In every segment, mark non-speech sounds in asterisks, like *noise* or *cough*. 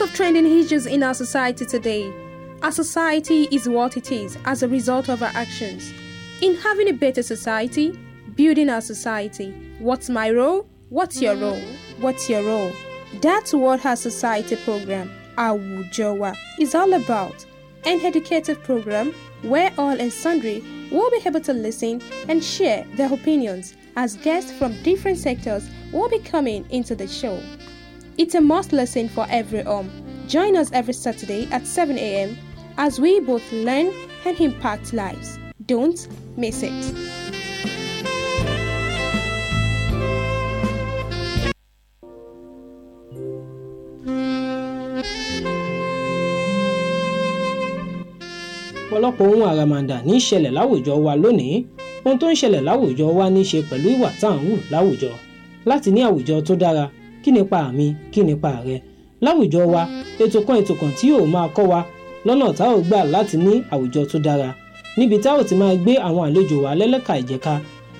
of trending issues in our society today. Our society is what it is as a result of our actions. In having a better society, building our society, what's my role? What's your mm. role? What's your role? That's what our society program, Awujowa, is all about. An educative program where all and sundry will be able to listen and share their opinions as guests from different sectors will be coming into the show. It's a must lesson for every home. Join us every Saturday at 7 a.m. as we both learn and impact lives. Don't miss it. ọ̀pọ̀lọpọ̀ ohun àràmàǹdà ní í ṣẹlẹ̀ láwùjọ wa lónìí ohun tó ń ṣẹlẹ̀ láwùjọ wa ní ṣe pẹ̀lú ìwà tá à ń hù láwùjọ láti ní àwùjọ tó dára kí nípa mi kí nípa rẹ láwùjọ wa ètò kan ètò kan tí yóò máa kọ́ wa lọ́nà tá ò gbà láti ní àwùjọ tó dára níbi tá ò ti máa gbé àwọn àlejò wa lẹ́lẹ́ka ìjẹka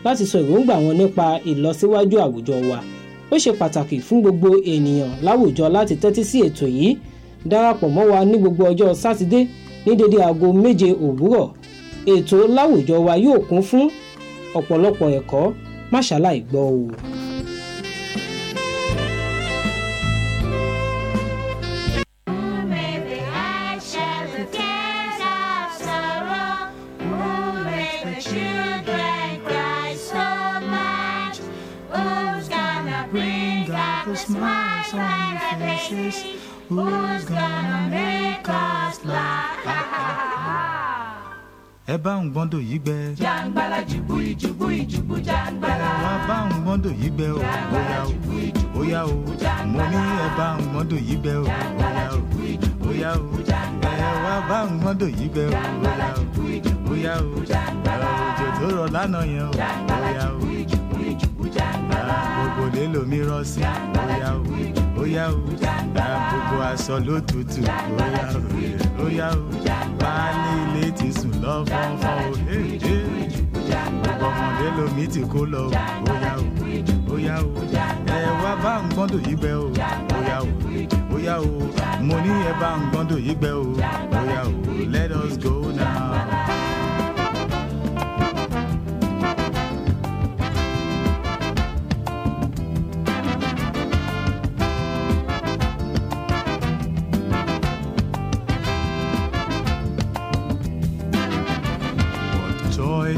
láti sọ èròǹgbà wọn nípa ìlọsíwájú àwùjọ wa ó ṣe pàtàkì fún gbogbo ènìyàn láwùjọ láti tẹ́tí sí ètò yìí darapọ̀ mọ́ wa ní gbogbo ọjọ́ sátidé ní dédé aago méje òwúrọ̀ ètò láwùjọ wa yóò kún fún ọ̀pọ̀lọpọ̀ ẹ̀kọ́ máṣáláì gbọ́ o. children cry so much. Who's gonna bring out the smiles on their faces? Who's gonna make us laugh? ẹ bá ń gbọ́n dòyí gbẹ. jàǹgbàlà jùbú ìjùbú ìjùbú jàǹgbàlà. wà á bá ń gbọ́n dòyí gbẹ o. jàǹgbàlà jùbú ìjùbú bóyá o mo ní ẹ bá ń gbọ́n dòyí gbẹ o. jàǹgbàlà jùbú ìjùbú ìjùbú jàǹgbàlà. ẹ bá ń gbọ́n dòyí gbẹ o. jàǹgbàlà jùbú ìjùbú. bóyá o òjò tó rọ̀ lánàá yẹn o bóyá o gbogbo lè lomi rọ̀ sí bóyá o bóyá o gbogbo aṣọ ló tutù bóyá o bóyá o baálé ilé ti sùn lọ fọ́nfọ́n o gbogbo ọmọdé lomi ti kó lọ bóyá o bóyá o ẹ wá bá ń gbọ́dọ̀ yí bẹ́ o bóyá o bóyá o mo ní ẹ bá ń gbọ́dọ̀ yí bẹ́ o bóyá o let us go.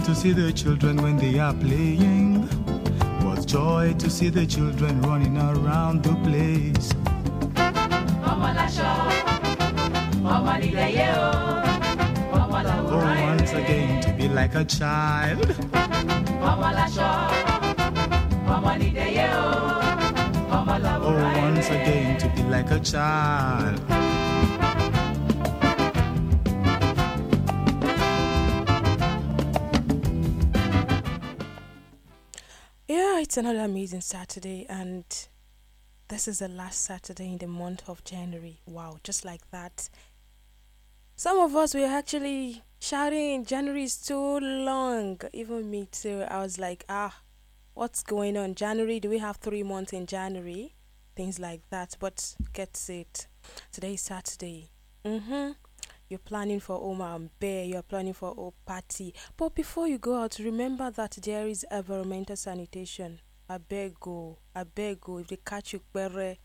to see the children when they are playing. What joy to see the children running around the place. Oh, once again to be like a child. Oh, once again to be like a child. it's another amazing Saturday, and this is the last Saturday in the month of January. Wow, just like that. Some of us were actually shouting, January is too long. Even me, too. I was like, ah, what's going on? January, do we have three months in January? Things like that. But gets it. Today is Saturday. Mm hmm. you're planning for Oma and Bear, you're planning for a party. But before you go out, remember that there is environmental sanitation. I beg you, I beg you, If they catch you, bere,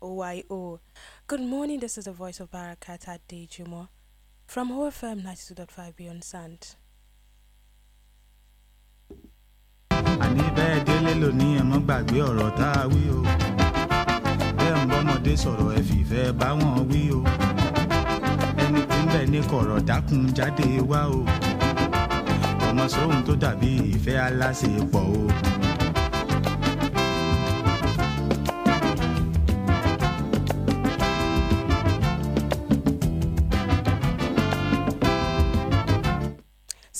OYO. Oh, oh. Good morning, this is the voice of Barakata Dejumo from OFM 92.5 Beyond Sand. àní bẹ́ẹ̀ délé lónìí sọ̀rọ̀ ẹ fìfẹ́ wí o. ẹni kú ń bẹ̀ ní kọ̀rọ̀ dákun jáde wá o ọmọ sóhun tó dàbí ìfẹ́ aláṣepọ̀ o.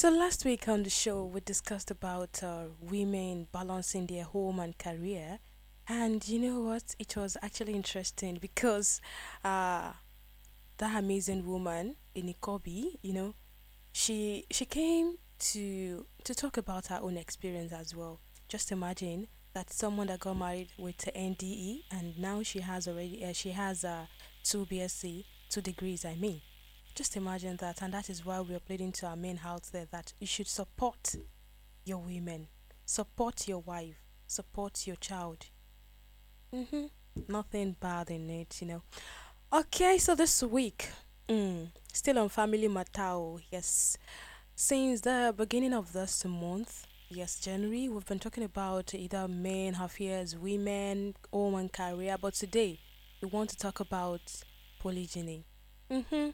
So last week on the show, we discussed about uh, women balancing their home and career, and you know what? It was actually interesting because uh, that amazing woman in Ikobi, you know, she she came to to talk about her own experience as well. Just imagine that someone that got married with NDE and now she has already uh, she has a uh, two BSc two degrees. I mean, just imagine that, and that is why we are pleading to our men out there that you should support your women, support your wife, support your child. hmm Nothing bad in it, you know. Okay, so this week, mm, still on family matter. Oh, yes, since the beginning of this month, yes, January, we've been talking about either men, affairs, women, home and career. But today, we want to talk about polygyny. Mm-hmm.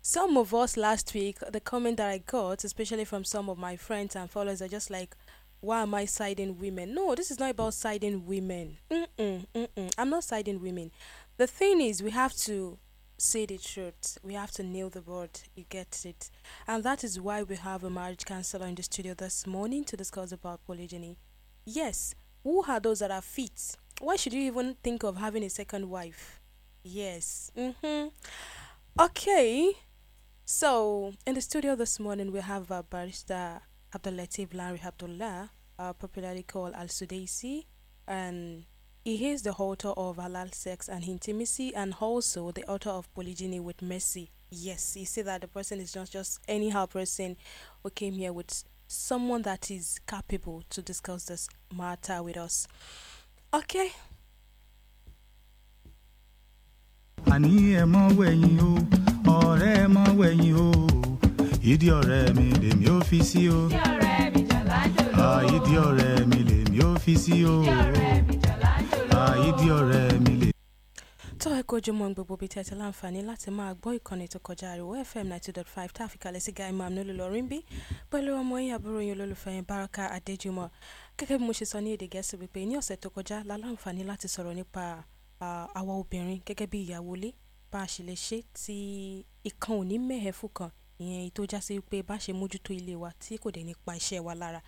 Some of us last week, the comment that I got, especially from some of my friends and followers, are just like, why am I siding women? No, this is not about siding women. Mm-mm, mm-mm. I'm not siding women. the thing is we have to say the truth we have to nail the word you get it and that is why we have a marriage counselor in the studio this morning to discuss about polygyny yes who are those that are fit why should you even think of having a second wife yes mm-hmm okay so in the studio this morning we have our barrister Latif larry abdullah uh, popularly called al sudaisi and he is the author of Halal Sex and Intimacy and also the author of Polygyny with Mercy. Yes, you see that the person is not just anyhow person who came here with someone that is capable to discuss this matter with us. Okay. àní wẹ̀yìn o ọ̀rẹ́ wẹ̀yìn o ìdí ọ̀rẹ́ mi lèmi ò fi sí o ìdí ọ̀rẹ́ mi jàlájò lọ ah, ìdí ọ̀rẹ́ mi lèmi ò fi sí o ìdí ọ̀rẹ́ mi idi ore mi lemi o fi si o idi ore mi ìdí ọ̀rẹ́ mi lè. tó ẹ kojú mọ́ gbogbo bíi tẹ́tí láǹfààní láti máa gbọ́ ìkànnì tó kọjá ariwo fm ninety dot five tá a fi kalẹ̀ sí guy mam nílùú lọ́rin bí pẹ̀lú ọmọ yín àbúrò yín olólùfẹ́ yín baraka adéjùmọ̀ gẹ́gẹ́ bí mo ṣe sọ ní èdè gẹ̀ẹ́sì wípé ní ọ̀sẹ̀ tó kọjá la láǹfààní láti sọ̀rọ̀ nípa àwa obìnrin gẹ́gẹ́ bí ìyàwó ilé bá a ṣe lè ṣe tí ìkan ò ní mẹ́hẹ̀ẹ́fù kan ìyẹn tó já sí pé bá ṣe mójútó ilé wa tí kò dẹ̀ nípa iṣẹ́ wa lára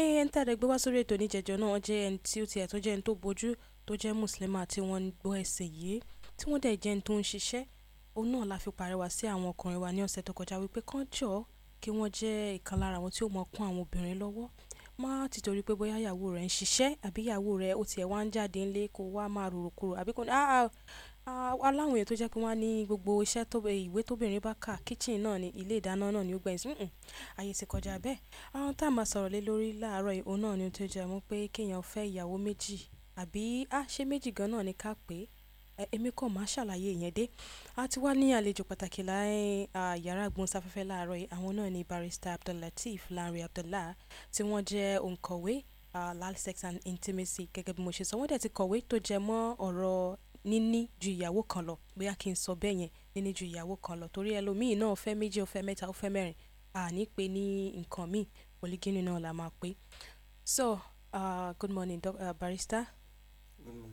ẹ̀ẹ́n tá a dẹ̀ gbé wá sórí ètò oníjẹ̀jọ́ náà jẹ́ ẹni tí ó tiẹ̀ tó jẹ́ ẹni tó bójú tó jẹ́ Mùsùlùmí tí wọ́n ń gbọ́ ẹ̀sìn yìí tí wọ́n dẹ̀ jẹ́ ẹni tó ń ṣiṣẹ́. Òun náà la fi pariwa sí àwọn ọkùnrin wa ní ọ̀sẹ̀ tó kọjá wípé kán jọ̀ọ́ kí wọ́n jẹ́ ìkan lára àwọn tí ó mọ kún àwọn obìnrin lọ́wọ́. Má ti torí pé bóyá ìyàwó rẹ ń ṣiṣẹ́ àbí ìyàwó rẹ ó tiẹ̀ wá ń jáde nílé kó wá máa rorò kúrò àbí kó ní "áà aláwọn èèyàn tó jẹ́ pé wọ́n á ní gbogbo iṣẹ́ tó ìwé tóbìnrin bá kà kitchen náà ni ilé ìdáná náà ni ó gbẹ̀yìn sí hùn ayé ti kọjá bẹ́ẹ̀." Àwọn tá a máa sọ̀rọ̀ lé lórí láàárọ̀ yìí òun náà ni ó tó jẹ́ mọ́ pé kéèyàn fẹ́ ìyàwó méjì àbí á ṣe méjì gan náà ni ká pè é èmi kàn máa ṣàlàyé ìyẹn dé a ti wá ní àlejò pàtàkì láì yàrá ìgbóhùnsáfẹ́fẹ́ láàárọ̀ yìí àwọn náà ni barrister abdullateef lanre abdullah tí wọ́n jẹ́ òǹkọ̀wé lal sex and intimacy gẹ́gẹ́ bí mo ṣe sọ wọ́n dẹ̀ ti kọ̀wé tó jẹ mọ́ ọ̀rọ̀ níní ju ìyàwó kan lọ bóyá kí n sọ bẹ́ẹ̀ yẹn níní ju ìyàwó kan lọ torí ẹlòmíì náà fẹ́ méjì ó fẹ́ mẹ́ta ó fẹ́ mẹ́rin àní pé ní nǹkan míì polygamy náà la máa pé so uh, good morning doc, uh, barrister. Mm.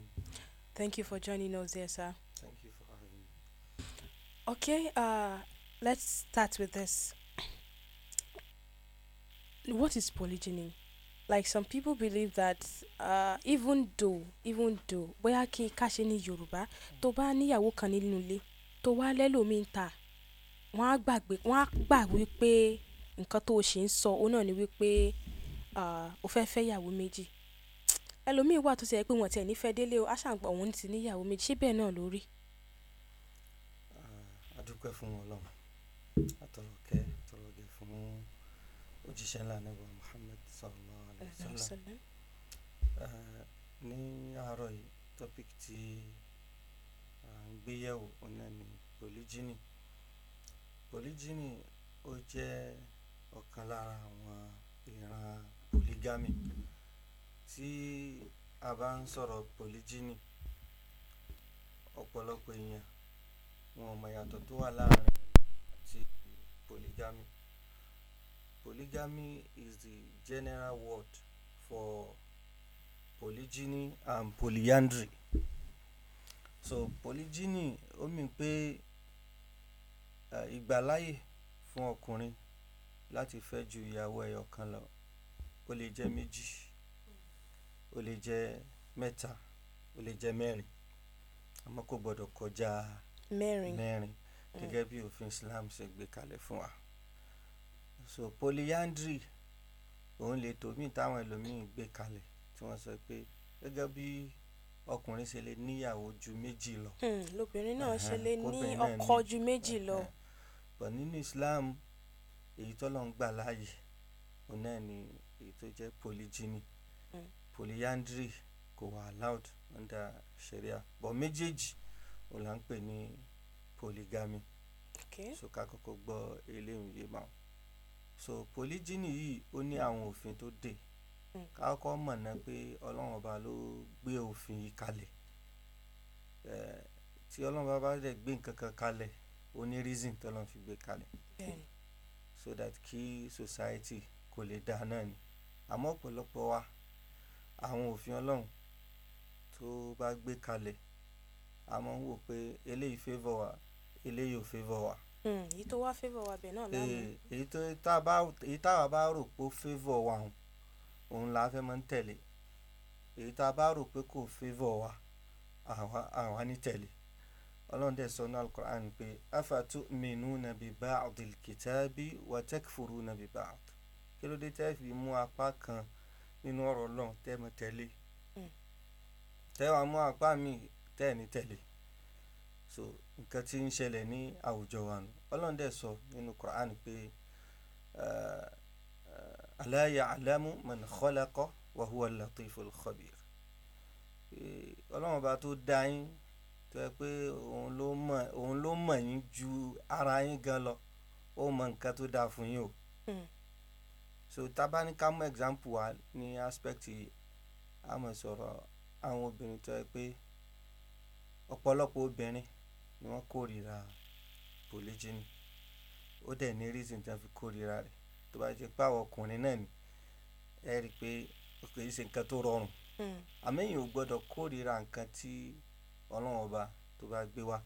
Thank you for joining us here, sir. Thank you for having me. Okay, uh, let's start with this. What is polygyny? Like some people believe that uh, even though even though bóyá kí ká ṣe ní Yorùbá tó bá níyàwó kan nínú ilé tó wá lẹ́lòmíì ta wọ́n á gbàgbé wọ́n á gbà wípé nǹkan tó o ṣe ń sọ òun náà ni wípé o uh, fẹ́ fẹ́ yàwó méjì ẹlòmíì wà tó ti yẹ pé wọn tiẹ̀ nífẹ̀ẹ́ délé o aṣàǹgbọ̀ òun ti níyàwó méjì ṣé bẹ́ẹ̀ náà lórí. adúpẹ́ fún ọlọ́run àtọ̀rọ̀ kẹ́ àtọ̀rọ̀ gẹ̀ fún òjíṣẹ́ ńlá nígbà Muhammad sallallahu alayhi wa sallam ní àárọ̀ yìí topic tí à ń gbéyẹ̀wò ọ̀nà ni polygyny polygyny ó jẹ́ ọ̀kan lára àwọn ìran polygamy. Mm -hmm Tí a bá ń sọ̀rọ̀ polygyny, ọ̀pọ̀lọpọ̀ èèyàn wọn ò ìyàtọ̀ tó wà láàárín àti polygamy. Polygamy is the general word for polygyny and polyandry. So polygyny ó mean pé ìgbàláyè fún ọkùnrin láti fẹ́ ju ìyàwó ẹyọ kan lọ, ó lè jẹ́ méjì ó lè jẹ́ mẹ́ta, ó lè jẹ́ mẹ́rin àmọ́ kò gbọdọ̀ kọjá mẹ́rin mm. gẹ́gẹ́ bí òfin Islam ṣe gbé kalẹ̀ fún wa. So polyandry òun lè tò mí táwọn ẹlòmíín gbé kalẹ̀ tí wọ́n sọ pé gẹ́gẹ́ bí ọkùnrin ṣe lè níyàwó ju méjì lọ. Hmm, lóbìnrin náà ṣe lè ní ọkọ ju méjì lọ. bọ̀ nínú Islam èyí tó lọ́n gbà láàyè òun náà ni èyí tó jẹ́ polygyny polyandry kò wà allowed under sharia but méjèèjì òun là ń pè ní polygamy okay. so ká kọ́kọ́ gbọ́ eléyìí yé máa so polygyny yìí ó ní àwọn òfin tó dè hmm. ká kọ́kọ́ mọ̀ ná pé ọlọ́run ọba ló gbé òfin yìí kalẹ̀ tí ọlọ́run ọba bá dẹ̀ gbé nǹkan kan kalẹ̀ ó ní reason tó lọ́n fi gbé kalẹ̀ so that kí society kò lè dá náà ni àmọ́ ọ̀pọ̀lọpọ̀ wa àwọn òfin Ọlọ́run tó bá gbé kalẹ̀, a máa ń wò pé eléyìí favour wa, eléyìí ò favour wa. Hmm, èyí tó wá favour wa bẹ́ẹ̀ náà la mú. Eh, èyí tó tá bá, èyí táwa bá rò pé ó favour wa òun, òun la fẹ́ máa ń tẹ̀lé. Èyí táa bá rò pé kò favour wa, àwa, ní tẹ̀lé. Ọlọ́run dẹ̀ sọ nínú Al-Qur'an pé "Afatu'minuna bi ba'dil kitabi wa takfuruna bi ba'd." Kí ló dé tí fi mú apá kan? nínú ọ̀rọ̀ ọlọ́run tẹ́ mọ tẹ́lẹ̀ mm. tẹ́ wàá mú apá mi tẹ́ ẹ̀ ní tẹ̀lé so nǹkan tí ń ṣẹlẹ̀ ní àwùjọ wa nù ọlọ́run dẹ̀ sọ nínú Qur'an pé ala ya'lamu man khalaqa wa huwa al-latiful khabir ọlọ́run bá tó dá yín tó yẹ pé òun ló mọ̀ yín ju ara yín gan lọ ó mọ nǹkan tó dáa fún yín o. Mm so tábà ní ká mú example wa ní aspect a mọ̀ sọ̀rọ̀ àwọn obìnrin tó yẹ pé ọ̀pọ̀lọpọ̀ obìnrin ni wọ́n kórìíra polygyny ó dẹ̀ ní reason tí wọ́n fi kórìíra rẹ̀ tó bá jẹ́ pé àwọn ọkùnrin náà ni ẹ rí i pé kì í ṣe nǹkan tó rọrùn hmm. àmẹ́yìn ò gbọ́dọ̀ kórìíra nǹkan tí ọlọ́run ọba tó bá gbé wá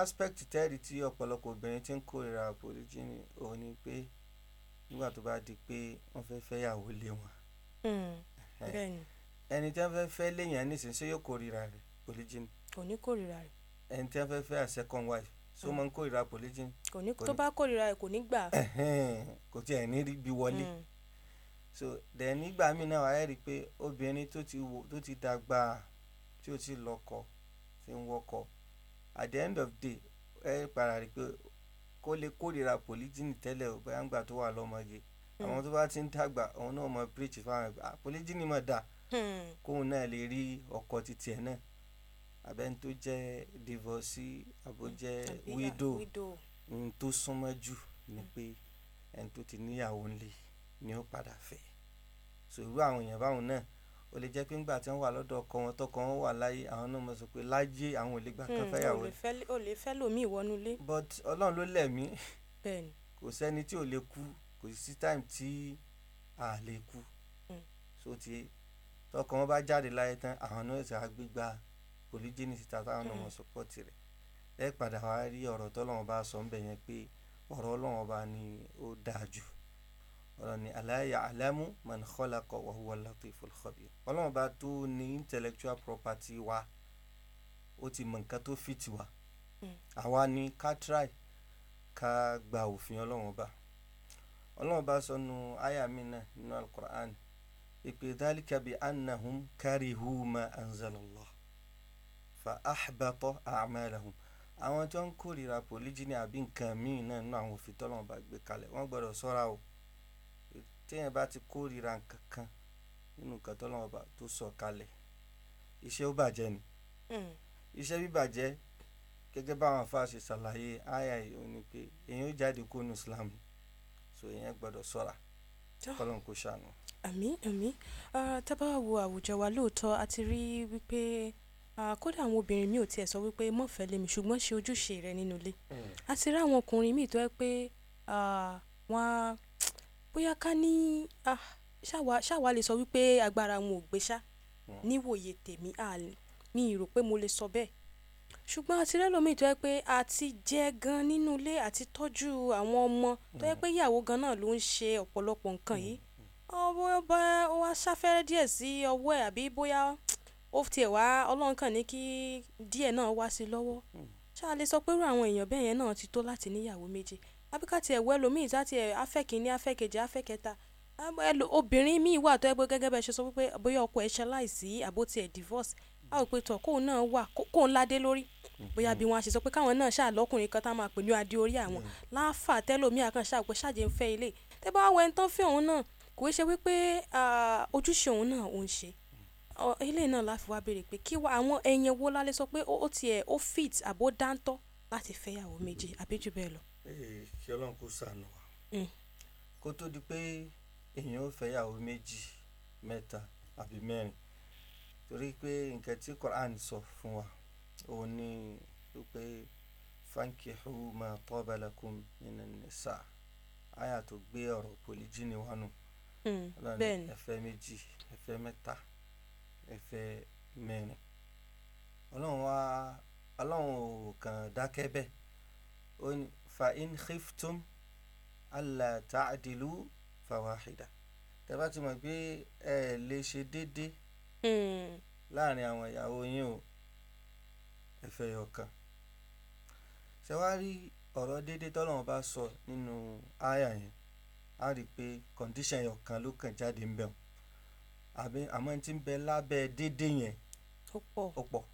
aspect tẹ́rì tí ọ̀pọ̀lọpọ̀ obìnrin ti ń kórìíra polygyny òun ni pé nígbà tó bá di pé wọ́n fẹ́ fẹ́ yàwó lé wọn. Hmm, ẹni tí wọ́n fẹ́ fẹ́ léèyàn nísìnyí ṣé yóò kórìíra rẹ̀ polygyny. kò ní kórìíra rẹ̀. ẹni tí wọ́n fẹ́ fẹ́ a second wife ṣó hmm. máa ń kórìíra polygyny. kò ní tó bá kórìíra rẹ̀ kò ní gbà. kò tiẹ̀ ní rí bí wọlé. Hmm. so dẹ̀ nígbà míì náà wàá rí i pé obìnrin tó ti wo tó ti dàgbà tí ó ti lọ́kọ ti ń wọ́kọ at the end of day ẹ para rí i pé ó lè kórìíra polygyny tẹ́lẹ̀ o bóyá ńgbà tó wà lọ́mọge hmm. àwọn tó bá ti ń dàgbà òun náà mọ preach fáwọn ẹgbẹ́ ah, polygyny mọ̀ dà hmm. kóun náà lè rí ọkọ títí ẹ̀ náà abẹ́ni tó jẹ́ divorcee àbójẹ́ hmm. widow ohun tó súnmọ́ jù ni pé ẹni tó ti níyàwó ńlẹ̀ ni ó padà fẹ́ sòrú àwọn èèyàn báwọn náà ó lè jẹ́ pé ńgbà tí wọ́n wà lọ́dọ̀ ọkọ wọn tọkọ wọn wà láyé àwọn náà mọ̀ sọ pé láyé àwọn ò lè gbà kan fẹ́yàwó o lè fẹ́ lòmíì wọnú ilé. but ọlọ́run ló lẹ̀mí kò sẹ́ni tí ò lè kú kò sí time tí a lè kú hmm. so ti tọkọ wọn bá jáde láyé tán àwọn náà ṣe àgbégbá polygyny síta táwọn náà hmm. mọ̀ support rẹ̀ lẹ́ẹ̀padà wá rí ọ̀rọ̀ tọ́lọ́run bá sọ ń bẹ̀ yẹn pé ọ̀rọ̀ ọlọ́run ọba ni ó dáa jù ọlọ́run ni ala ya'lamu man khalaqa wa huwa al-latiful khabir ọlọ́run bá tó ní intellectual property wa ó ti mọ nǹkan tó fit wa hmm. àwa ni ká try ká gba òfin ọlọ́run bá ọlọ́run bá sọnù àyà mi náà nínú alukur'an ìpè dhalika bi annahum karihu ma anzalallah fa ahbata a'malahum àwọn tó ń kórìíra polygyny àbí nǹkan míì náà nínú àwọn òfin tọ́lọ́run bá gbé kalẹ̀ wọ́n gbọ́dọ̀ sọ́ra o téèyàn bá ti kórìíra nǹkan kan nínú nǹkan tọ́lọ́wọ́n bá tó sọ kalẹ̀ iṣẹ́ ó bàjẹ́ ni hmm. iṣẹ́ bíbàjẹ́ gẹ́gẹ́ báwọn afa ṣe ṣàlàyé àyà yìí ó ní pé èèyàn ó jáde kó nu Islam so èèyàn gbọ́dọ̀ ṣọ́ra kọ́lọ́n kò ṣàánú. àmín àmín tábà wo àwùjọ wa lóòótọ́ a ti rí wípé kódà àwọn obìnrin mi ò tiẹ̀ sọ wípé mọ̀fẹ́ lèmi ṣùgbọ́n ṣe ojúṣe rẹ nínú ilé hmm. a ti rí àwọn ọkùnrin míì tó yẹ pé wọ́n á bóyá ká ní ah, ṣáwa lè sọ wípé agbára wọn ò gbé ṣá hmm. níwòye tèmi mi ì rò pé mo lè sọ bẹ́ẹ̀ ṣùgbọ́n àti rẹ́lòmíì tó yẹ pé àti jẹ gan nínú ilé àti tọ́jú àwọn ọmọ tó yẹ hmm. pé ìyàwó gan náà ló ń ṣe ọ̀pọ̀lọpọ̀ nǹkan yìí ọwọ́ hmm, bá ó wá sáfẹ́rẹ́ díẹ̀ sí ọwọ́ ẹ̀ àbí bóyá ó tiẹ̀ wá ọlọ́run kàn ní kí díẹ̀ náà wá sí lọ́wọ́ ṣáà lè sọ pé irú àwọn èèyàn bẹ́ẹ̀ yẹn náà ti tó láti níyàwó méjì àbí ká tiẹ̀ wẹ́ lomi ìta tiẹ̀ afẹ́kìíní afẹ́kejì afẹ́kẹta obìnrin míì wà tó ẹ pé gẹ́gẹ́ bẹ́ẹ̀ ṣe sọ pé bóyá ọkọ ẹ̀ ṣe láìsí àbó divorce a ò pe tọ̀ kóun náà wà kóun ládé lórí bóyá bí wọ́n á ṣe sọ pé káwọn náà ṣáà lọ́kùnrin kan tá máa pè ní adé orí àwọn láǹfà tẹ́lómi àkàn ṣáà pé ṣáàjẹ́ ń fẹ́ ilé tẹ́ bá wẹ̀ ń tán fẹ́ òun náà kò ṣe wípé ojúṣe òun náà òun ṣe ilé náà láfi wá béèrè pé kí wa àwọn ẹyẹn wo lálẹ́ sọ pé ó tiẹ̀ ó fit àbó dáńtọ́ láti fẹ́yàwó méjì àbí jù bẹ́ẹ̀ lọ kí Ọlọ́run kó ṣàánú wa mm. kó tó di pé èèyàn ó fẹ́yàwó méjì mẹ́ta àbí mẹ́rin torí pé nǹkan tí Quran sọ fún wa òun ni pé fankihu ma taba lakum minan nisa àyà tó gbé ọ̀rọ̀ ni wa nù mm, lọ́nà ẹ̀fẹ́ méjì ẹ̀fẹ́ mẹ́ta ẹ̀fẹ́ mẹ́rin ọlọ́run wa ọlọ́run ò kàn dákẹ́ bẹ́ẹ̀ ó ní fa'in khiftum alla ta'dilu fawahida tẹ́ bá ti mọ̀ pé ẹ lè ṣe déédéé hmm. láàrin àwọn ìyàwó yín o ẹ fẹ́ yọ kan ṣé wàá rí ọ̀rọ̀ déédéé tọ́lọ́run bá sọ nínú àyà yẹn á rí i pé condition yọ kan ló kàn jáde ń bẹ̀ wọ́n àmọ́ tí ń bẹ lábẹ́ déédéé yẹn ó pọ̀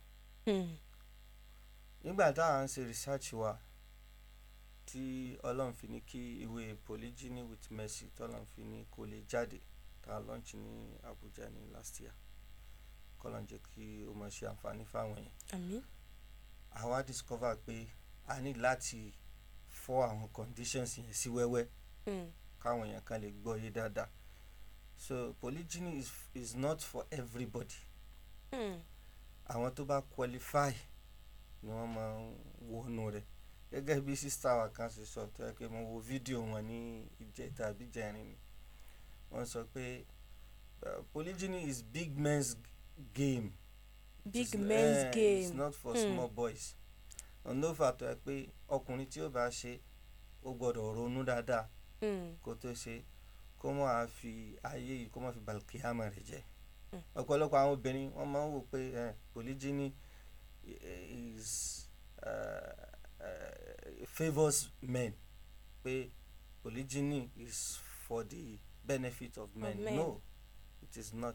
hmm. nígbà táwọn ń ṣe research wa tí Ọlọ́run fi ní kí ìwé Polygyny with Mercy tí Ọlọ́run fi ní kó lè jáde tá a launch ní Abuja ní last year kọ́lọ́n jẹ́ kí ó máa ṣe àǹfààní fáwọn yẹn. àmín. àwa discover pé a ní láti fọ́ àwọn conditions yẹn sí wẹ́wẹ́ hmm. káwọn yẹn kan lè gbọ́ yé dáadáa so polygyny is, is not for everybody. Hmm. àwọn tó bá qualify ni wọ́n máa ń wọnú rẹ̀ gẹ́gẹ́ bí sísá wa kan ṣe sọ tó yẹ pé mo wo fídíò wọn ní ìjẹta àbí ni wọ́n sọ pé polygyny is big men's game big is, eh, men's uh, game it's not for hmm. small boys ọ̀nà òfà tó yẹ pé ọkùnrin tí ó bá ṣe ó gbọ́dọ̀ ronú dáadáa hmm. kó tó ṣe kó mọ̀ á fi ayé yìí kó mọ̀ fi balùkìyàmọ̀ rẹ̀ jẹ́ hmm. ọ̀pọ̀lọpọ̀ àwọn obìnrin wọ́n máa ń wò pé eh, polygyny eh, is. Uh, uh, favours men pé polygyny is for the benefit of men, of men. no it is not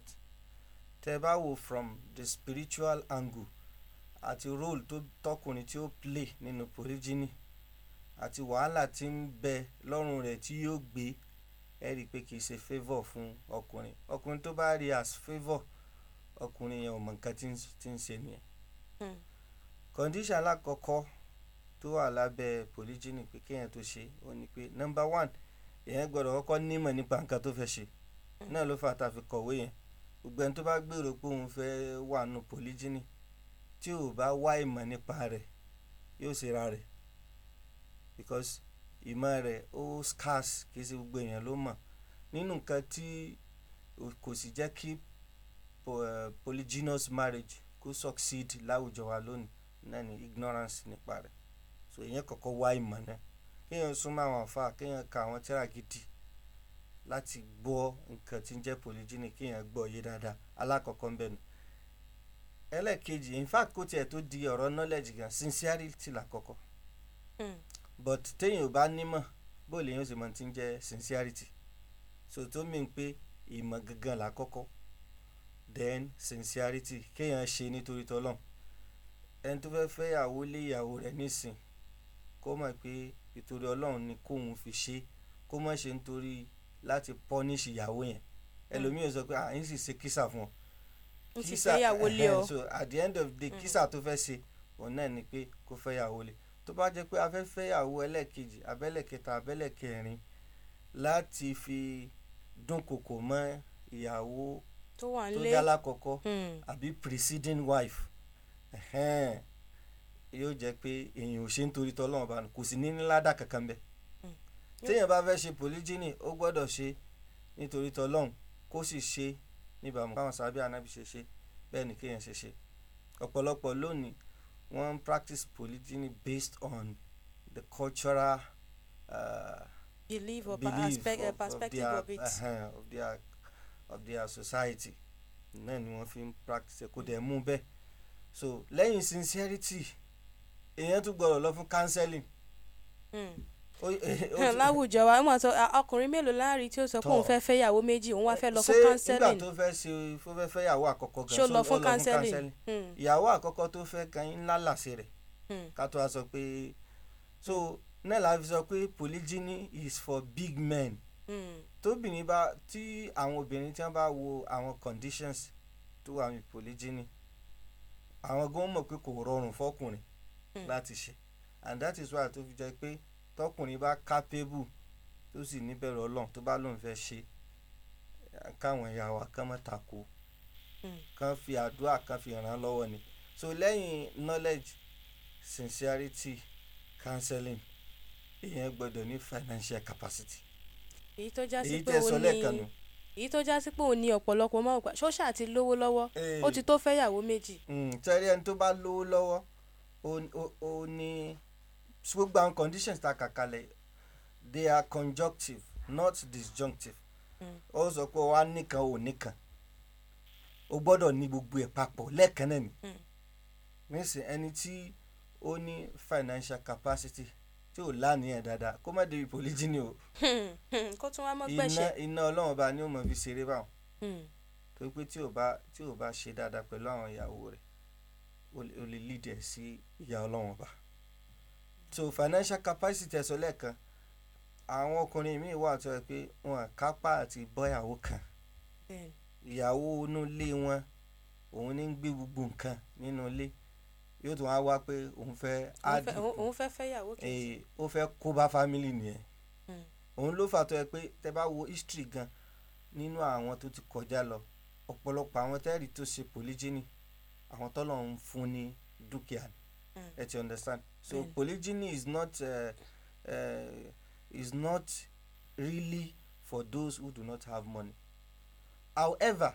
tẹ́ bá from the spiritual angle àti role to tọkùnrin tí ó play nínú polygyny àti wàhálà tí ń bẹ lọ́rùn rẹ̀ tí yóò gbé ẹ rí i pé kì í ṣe favour fún ọkùnrin ọkùnrin tó bá rí as favour ọkùnrin yẹn ò mọ nǹkan tí ń ṣe nìyẹn. Hmm. condition alákọ̀ọ́kọ́ tó wà lábẹ́ polygyny pé kéèyàn tó ṣe ó ní pé number one èèyàn gbọ́dọ̀ kọ́kọ́ nímọ̀ nípa nǹkan tó fẹ́ ṣe mm. náà ló fà tá a fi kọ̀wé yẹn gbogbo ẹni tó bá gbèrò pé òun fẹ́ wà nù polygyny tí ò bá wá ìmọ̀ nípa rẹ̀ yóò ṣera rẹ̀ because ìmọ̀ rẹ̀ ó scarce kì í ṣe gbogbo èèyàn ló mọ̀ nínú nǹkan tí kò sì jẹ́ kí eh, polygynous marriage kó succeed láwùjọ wa lónìí náà ni ignorance nípa rẹ̀ so èèyàn kọ́kọ́ wá ìmọ̀ náà kéèyàn súnmọ́ àwọn àfa kéèyàn ka àwọn tíra gidi láti gbọ́ nǹkan tí ń jẹ́ polygyny kéèyàn gbọ́ yé dáadáa alákọ̀ọ́kọ́ ń bẹ̀ nù ẹlẹ́ẹ̀kejì in fact kó tiẹ̀ tó di ọ̀rọ̀ knowledge gan sincerity làkọ́kọ́ hmm. but téèyàn ò bá nímọ̀ bó lèèyàn sì mọ ti ń jẹ́ sincerity so tó mìín pé ìmọ̀ gangan làkọ́kọ́ then sincerity kéèyàn ṣe nítorí tọ́lọ́m ẹni tó fẹ́ fẹ́ yàwó lé ìyàwó rẹ̀ nísìn kó mọ̀ pé ìtorí Ọlọ́run ni kóun fi ṣe kó má ṣe nítorí láti punish ìyàwó yẹn mm. ẹlòmíì ò sọ pé àyìn sì ṣe kísà fún ọ kísà so at the end of the day mm. kísà tó fẹ́ ṣe òun náà ni pé kó fẹ́ yàwó lé tó bá jẹ́ pé a fẹ́ fẹ́ yàwó ẹlẹ́ẹ̀kejì abẹ́lẹ̀kẹta abẹ́lẹ̀kẹrin láti fi dúnkokò mọ́ ìyàwó tó jálá kọ́kọ́ mm. àbí preceding wife. uh yóò jẹ́ pé èèyàn ò ṣe ń torí tọ́lọ́run bá kò sì ní níládà kankan bẹ́ẹ̀ hmm. téèyàn bá fẹ́ ṣe pòlíjìnì ó gbọ́dọ̀ ṣe nítorí tọ́lọ́run kó sì ṣe níbàámu báwọn sábẹ́ anábì ṣe ṣe bẹ́ẹ̀ ni kéèyàn ṣe ṣe ọ̀pọ̀lọpọ̀ lónìí wọ́n practice polygyny based on the cultural uh, belief or belief aspect, perspective of their, of, it. Uh, of their of their society náà ni wọ́n fi ń practice kó dẹ̀ mú bẹ́ẹ̀ so lẹ́yìn sincerity èèyàn tún gbọ́dọ̀ lọ fún counseling. Hmm. Eh, eh, hmm, láwùjọ wa ọmọ sọ ọkùnrin mélòó láàrin tí ó sọ pé òun fẹ́ẹ́ fẹ́yàwó méjì òun wá eh, fẹ́ lọ fún counseling. ṣé nígbà tó fẹ́ ṣe tó fẹ́ fẹ́yàwó àkọ́kọ́ gan ṣó lọ fún counseling hmm. ìyàwó àkọ́kọ́ tó fẹ́ kan ńlá làṣẹ rẹ̀ ká a sọ pé so náà la fi sọ pé polygyny is for big men tóbìnrin bá tí àwọn obìnrin tí wọ́n bá wo àwọn conditions tó wà ní polygyny àwọn gan mọ̀ pé kò rọrùn fọkùnrin Hmm. láti ṣe and that is why tó fi jẹ́ pé tọkùnrin bá capable tó sì níbẹ̀rù ọlọ́run tó bá lóun fẹ́ ṣe káwọn ẹ̀yà wa kán mọ́ tako hmm. kán fi àdúrà kán fi ràn án lọ́wọ́ ni so lẹ́yìn knowledge sincerity counseling èèyàn gbọ́dọ̀ ní financial capacity èyí tó já sí pé ó ní èyí tó já sí pé ó ní ọ̀pọ̀lọpọ̀ mọ́ ọ̀pá ṣọ́ṣà ti lówó lọ́wọ́ ó ti tó fẹ́yàwó méjì. tẹ́lẹ̀ hmm, ẹni tó bá lówó lọ́wọ́ ó ní gbogbo àwọn conditions tá a kà they are conjunctive not disjunctive hmm. ó sọ pé wàá nìkan ò nìkan o gbọ́dọ̀ ní gbogbo ẹ̀ papọ̀ lẹ́ẹ̀kan náà ni hmm. nísìn ẹni tí ó ní financial capacity tí ò lánìyàn dáadáa kó má débi polygyny o hmm, kó tún wá mọ́ gbẹ̀ṣẹ̀ iná ọlọ́run ọba ni ó mọ̀ fi ṣeré báwọn torí pé tí ò bá ṣe dáadáa pẹ̀lú àwọn ìyàwó rẹ̀ o lè lead ẹ sí ìyá ọlọ́run ọba so financial capacity ẹ̀sọ́ lẹ́ẹ̀kan àwọn ọkùnrin míì wà tó yẹ pé wọn kápá àti bọ́yàwó kan ìyàwó inú ilé wọn òun ní ń gbé gbogbo nǹkan nínú ilé yóò tún wá wá pé òun fẹ́ áàdì òun fẹ́ fẹ́ yàwó kejì eh, ó fẹ́ kó bá family nìyẹn hmm. òun ló fà tó yẹ pé tẹ bá wo history gan nínú àwọn tó ti kọjá lọ ọ̀pọ̀lọpọ̀ àwọn tẹ́rì tó ṣe polygyny àwọn tọ́lọ̀ ń fún ní dúkìá mm. ẹ ti understand so mm. polygyny is not uh, uh, is not really for those who do not have money however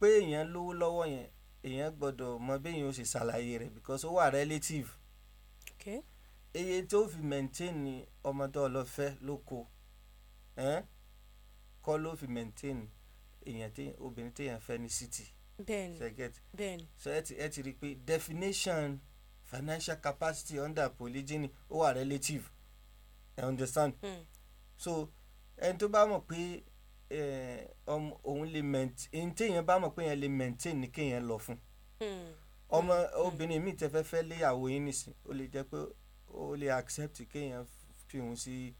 pé èèyàn lówó lọ́wọ́ yẹn èèyàn gbọ́dọ̀ mọ béèyàn ó ṣe ṣàlàyé rẹ̀ because ó wà relative okay. iye tó fi maintain ọmọ tó lọ fẹ́ lóko kọ́ ló fi maintain èèyàn obìnrin téèyàn fẹ́ ní city bẹ́ẹ̀ni then, so ẹ ti ẹ ti rí i definition financial capacity under polygyny ó wà relative i understand mm. so ẹni tó bá mọ̀ pé òun lè maintain téèyàn bá mọ̀ pé yẹn lè maintain ní kéèyàn lọ fún hmm. ọmọ hmm. obìnrin mi tẹ fẹ́ fẹ́ léyàwó yín nìsín ó lè jẹ́ pé ó lè accept kéèyàn fi òun sí. Si,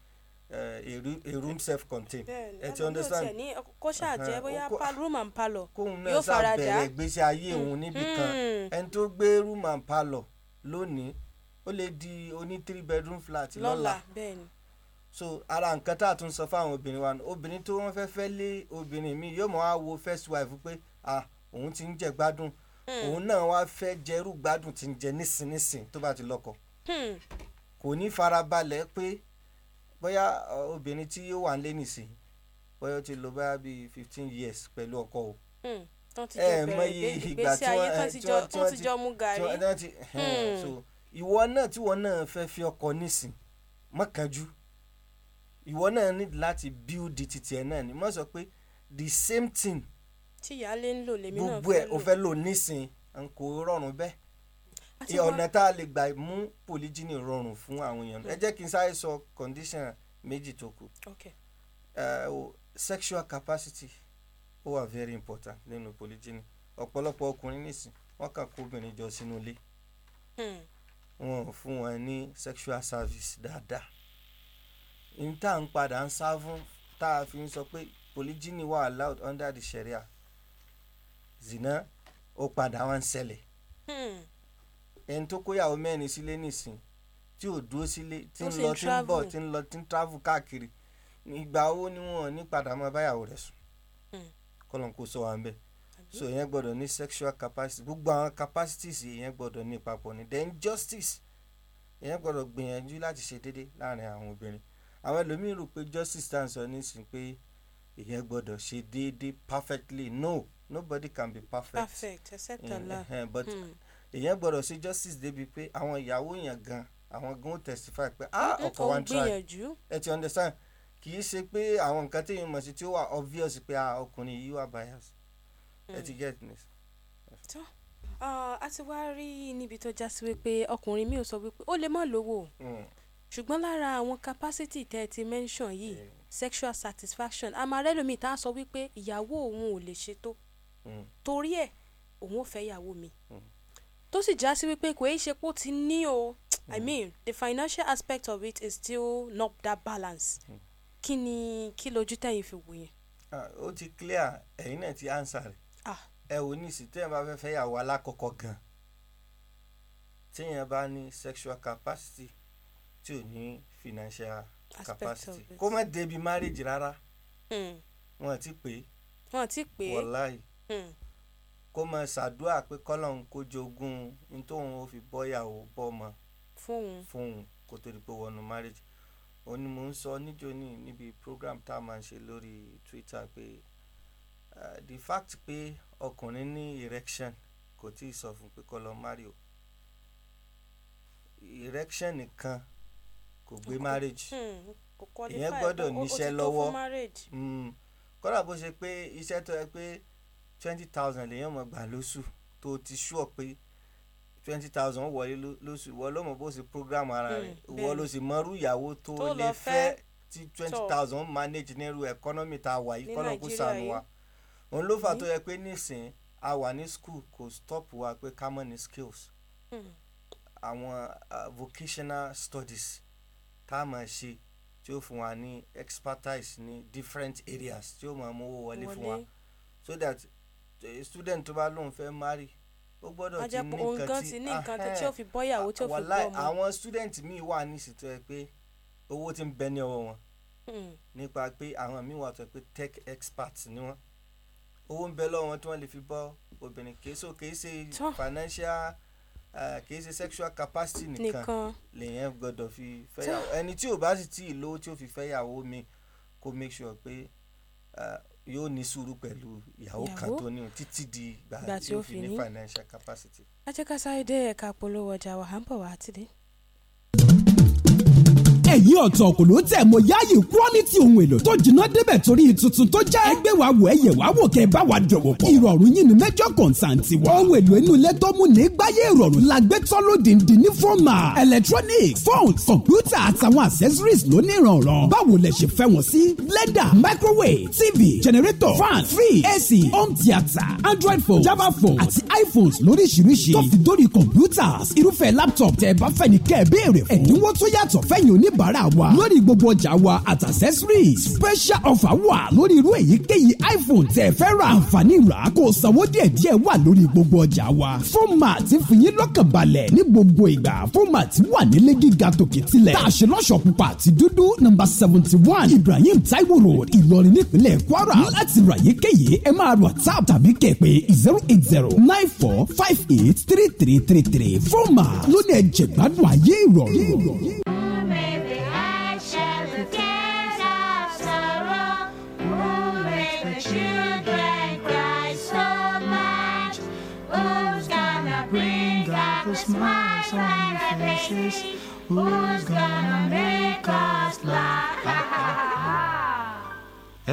a eh, room self contained. ẹ ti understand. kó ṣàjẹ́ bóyá room and parlour yóò fara dà. kóun náà ṣàbẹ̀rẹ̀ ìgbésí ayé mm, òun níbì mm. ẹni tó gbé room and parlour lónìí ó lè di oní three bedroom flat lọ́la. so ara nǹkan tá a tún sọ fáwọn obìnrin wa ni obìnrin tó wọ́n fẹ́ fẹ́ lé obìnrin mi yóò mọ̀ á wo first wife pé ah òun ti ń jẹ gbádùn mm. òun náà wá fẹ́ jẹrú gbádùn tí ń jẹ nísinsìnyí tó bá ti lọ́kọ hmm. kò ní farabalẹ̀ pé bóyá obìnrin tí ó wà nílé nìsín bóyá ó ti lò bóyá bí fifteen years pẹ̀lú ọkọ o. Hmm, tó ti jọ bẹ̀rẹ̀ ìgbésí ayé tó ti jọ mú gàrí. Hmm. ìwọ náà tí wọn náà fẹ́ fi ọkọ nísìn mọ́kànjú ìwọ náà ní láti build títì ẹ̀ náà ni mo sọ pé the same thing. tí ìyáálé ń lò lèmi náà fẹ́ lò. gbogbo ẹ̀ o fẹ́ lò nísìn n kò rọrùn bẹ́ẹ̀ ọ̀nà tá a lè gbà mú polygyny rọrùn fún àwọn èèyàn ẹ jẹ́ kí n sáré sọ condition méjì tó kù sexual capacity ó wà very important nínú polygyny ọ̀pọ̀lọpọ̀ ọkùnrin nìsín wọ́n kàn kó obìnrin jọ sínú ilé hmm. wọn ò fún wọn ní sexual service dáadáa n tá n padà ń sá fún tá a fi ń sọ pé polygyny wà allowed under the sharia zina ó padà wá ń ṣẹlẹ̀. Hmm ẹni tó kóyàwó mẹ́rin sílé nìsín tí ò dúró sílé tí ń lọ tí ń bọ̀ tí ń lọ tí ń travel káàkiri ìgbà owó ni wọn ní padà máa báyàwó rẹ̀ sùn hmm. kọlọ̀n kò sọ wà ń so ìyẹn gbọ́dọ̀ ní sexual capacity gbogbo àwọn capacities ìyẹn gbọ́dọ̀ ní papọ̀ ní then justice ìyẹn gbọ́dọ̀ gbìyànjú láti ṣe déédéé láàrin àwọn obìnrin àwọn ẹlòmíín rò pé justice tá à ń sọ nísìnyí pé ìyẹn gbọ́dọ̀ ṣe déédéé perfectly no nobody can be perfect, perfect except Allah. *laughs* but mm èèyàn gbọ́dọ̀ ṣe justice débi pé àwọn ìyàwó yẹn gan àwọn gan ó testify pé ah ọkọ wa ń try ẹ ti understand kì í ṣe pé àwọn nǹkan tí èèyàn mọ̀ sí tí ó wà obvious pé ah ọkùnrin yìí wà bias ẹ ti hmm. get me. tó a ti wá rí níbi tó já sí wípé ọkùnrin mi ò sọ wípé ó lè má lówó hmm. ṣùgbọ́n lára àwọn capacity tẹ́ ẹ ti mention yìí hmm. sexual satisfaction a máa rẹ́lòmíì tá a sọ wípé ìyàwó òun ò lè ṣe tó torí ẹ̀ òun ò fẹ́ ìyàwó mi. Mm tó sì já sí wípé kò í ṣe pé ó ti ní o i mm. mean the financial aspect of it is still not that balance mm. kí ni kí lójú tẹ̀yìn fi wò yẹn. ó ti clear ẹ̀yin náà ti answer rẹ̀ ẹ wò ní ìsìn téèyàn bá fẹ́ fẹ́ yàwó alákọ̀ọ́kọ́ gan téèyàn bá ní sexual capacity tí ò ní financial capacity kó má débi marriage rárá hmm. wọn ti pè é wọn ti pè é wọláì. Hmm kó máa ṣàdúrà pé kọ́lọ́hún kó jogún ní tóun ó fi bọ́yàwó bọ́mọ fóun kó tó di pé wọnú marriage òun ni mò ń sọ níjó ní níbi program tá a máa ń ṣe lórí Twitter pé the fact pé ọkùnrin ní erection kò tí ì sọ fún pé kó lọ erection nìkan kò gbé hmm. marriage hmm. ìyẹn gbọ́dọ̀ níṣẹ́ lọ́wọ́ hmm. kódà bó ṣe pé iṣẹ́ tó yẹ pé twenty thousand lèyàn mọ̀ gbà lóṣù tó ti ṣúọ̀ pé twenty thousand wọlé lóṣù ìwọ ló mọ̀ bó ṣe program ara hmm, rẹ̀ ìwọ ló sì mọrú ìyàwó tó lè fẹ́ tí twenty thousand manage nírú economy tá a wà yìí kọ́nà kó sànù wa òun ló fà tó hmm. yẹ pé nísìn a wà ní school kò stop wa pé ká mọ̀ ní skills hmm. àwọn vocational studies tá a ṣe tí ó fún wa ní expertise ní different areas tí ó máa mú owó wọlé fún wa so that Eh, student tó bá lóun fẹ́ marry ó gbọ́dọ̀ ti ní nǹkan tí òun gan ní nǹkan tí ó fi bọ́yàwó tí ó fi bọ́ ọmọ. àwọn student míì wà ní ìsìtò ẹ pé owó ti ń bẹ ní ọwọ́ wọn hmm. nípa pé àwọn míì wà tó pé tech experts ni wọ́n owó ń bẹ lọ́wọ́ wọn tí wọ́n lè fi bọ́ obìnrin kìí so kìí ṣe financial kìí ṣe sexual capacity nìkan lèyẹn gbọ́dọ̀ fi fẹ́yàwó ẹni tí ò bá sì tí ì lówó tí ó fi fẹ́yàwó mi kó make sure pé. Uh, yóò ní sùúrù pẹ̀lú ìyàwó kan tó ní òun títí di ìgbà tí ó fi ní financial capacity. ajẹ́kásá ẹ̀dẹ́ ẹ̀ka polówó ọjà wà á ń bọ̀ wá tìdí yìí ọ̀tọ̀ kò ló tẹ̀ mọ yáàyè quality ohun èlò tó jiná débẹ̀ torí tuntun tó jẹ́ ẹgbẹ́ wa wọ̀ ẹ̀yẹ̀ wá wò kẹ́ bá wa dọ̀wọ̀ pọ̀ ìrọ̀rùn yìí ni mẹ́jọ kọ̀ǹsán ti ohun èlò inú ilé tó mú ní gbáyé ìrọ̀rùn la gbé tọ́lódìndín ní fọ́ọ̀mà electronics phone kọ̀ǹpútà àtàwọn accessories ló ní ìrànràn báwo lẹ ṣe blender microwave tv generator fan free ac home theatre android phone java phone àti iphones lóríṣiríṣi tó fi computers irúfẹ́ laptop tẹ́ ẹ bá fẹ́ ni kẹ́ ẹ béèrè fún ẹ̀dínwó oníbàárà wa lórí gbogbo ọjà wa at accessories special offer wà lórí irú èyíkéyìí iphone tẹ́ fẹ́ ra àǹfààní rà kó sanwó díẹ̀díẹ̀ wà lórí gbogbo ọjà wa fọ́ọ̀màtì fìyín lọ́kàn balẹ̀ ní gbogbo ìgbà fọ́ọ̀màtì wà nílé gíga tòkè tilẹ̀ tá a ṣe lọ́ṣọ̀ pupa àti dúdú nọ́mbà seventy one ibrahim taiwo road ìlọrin nípínlẹ̀ kwara láti rà yékéyìí ẹ máa rọ tap tàbí kẹ̀pẹ́ zero eight zero nine four five eight three three three three fọ́ọ̀mà lónìí ẹ̀jẹ̀ gbádùn ayé ìrọ̀rùn. the smiles on your faces. Who's gonna make us laugh?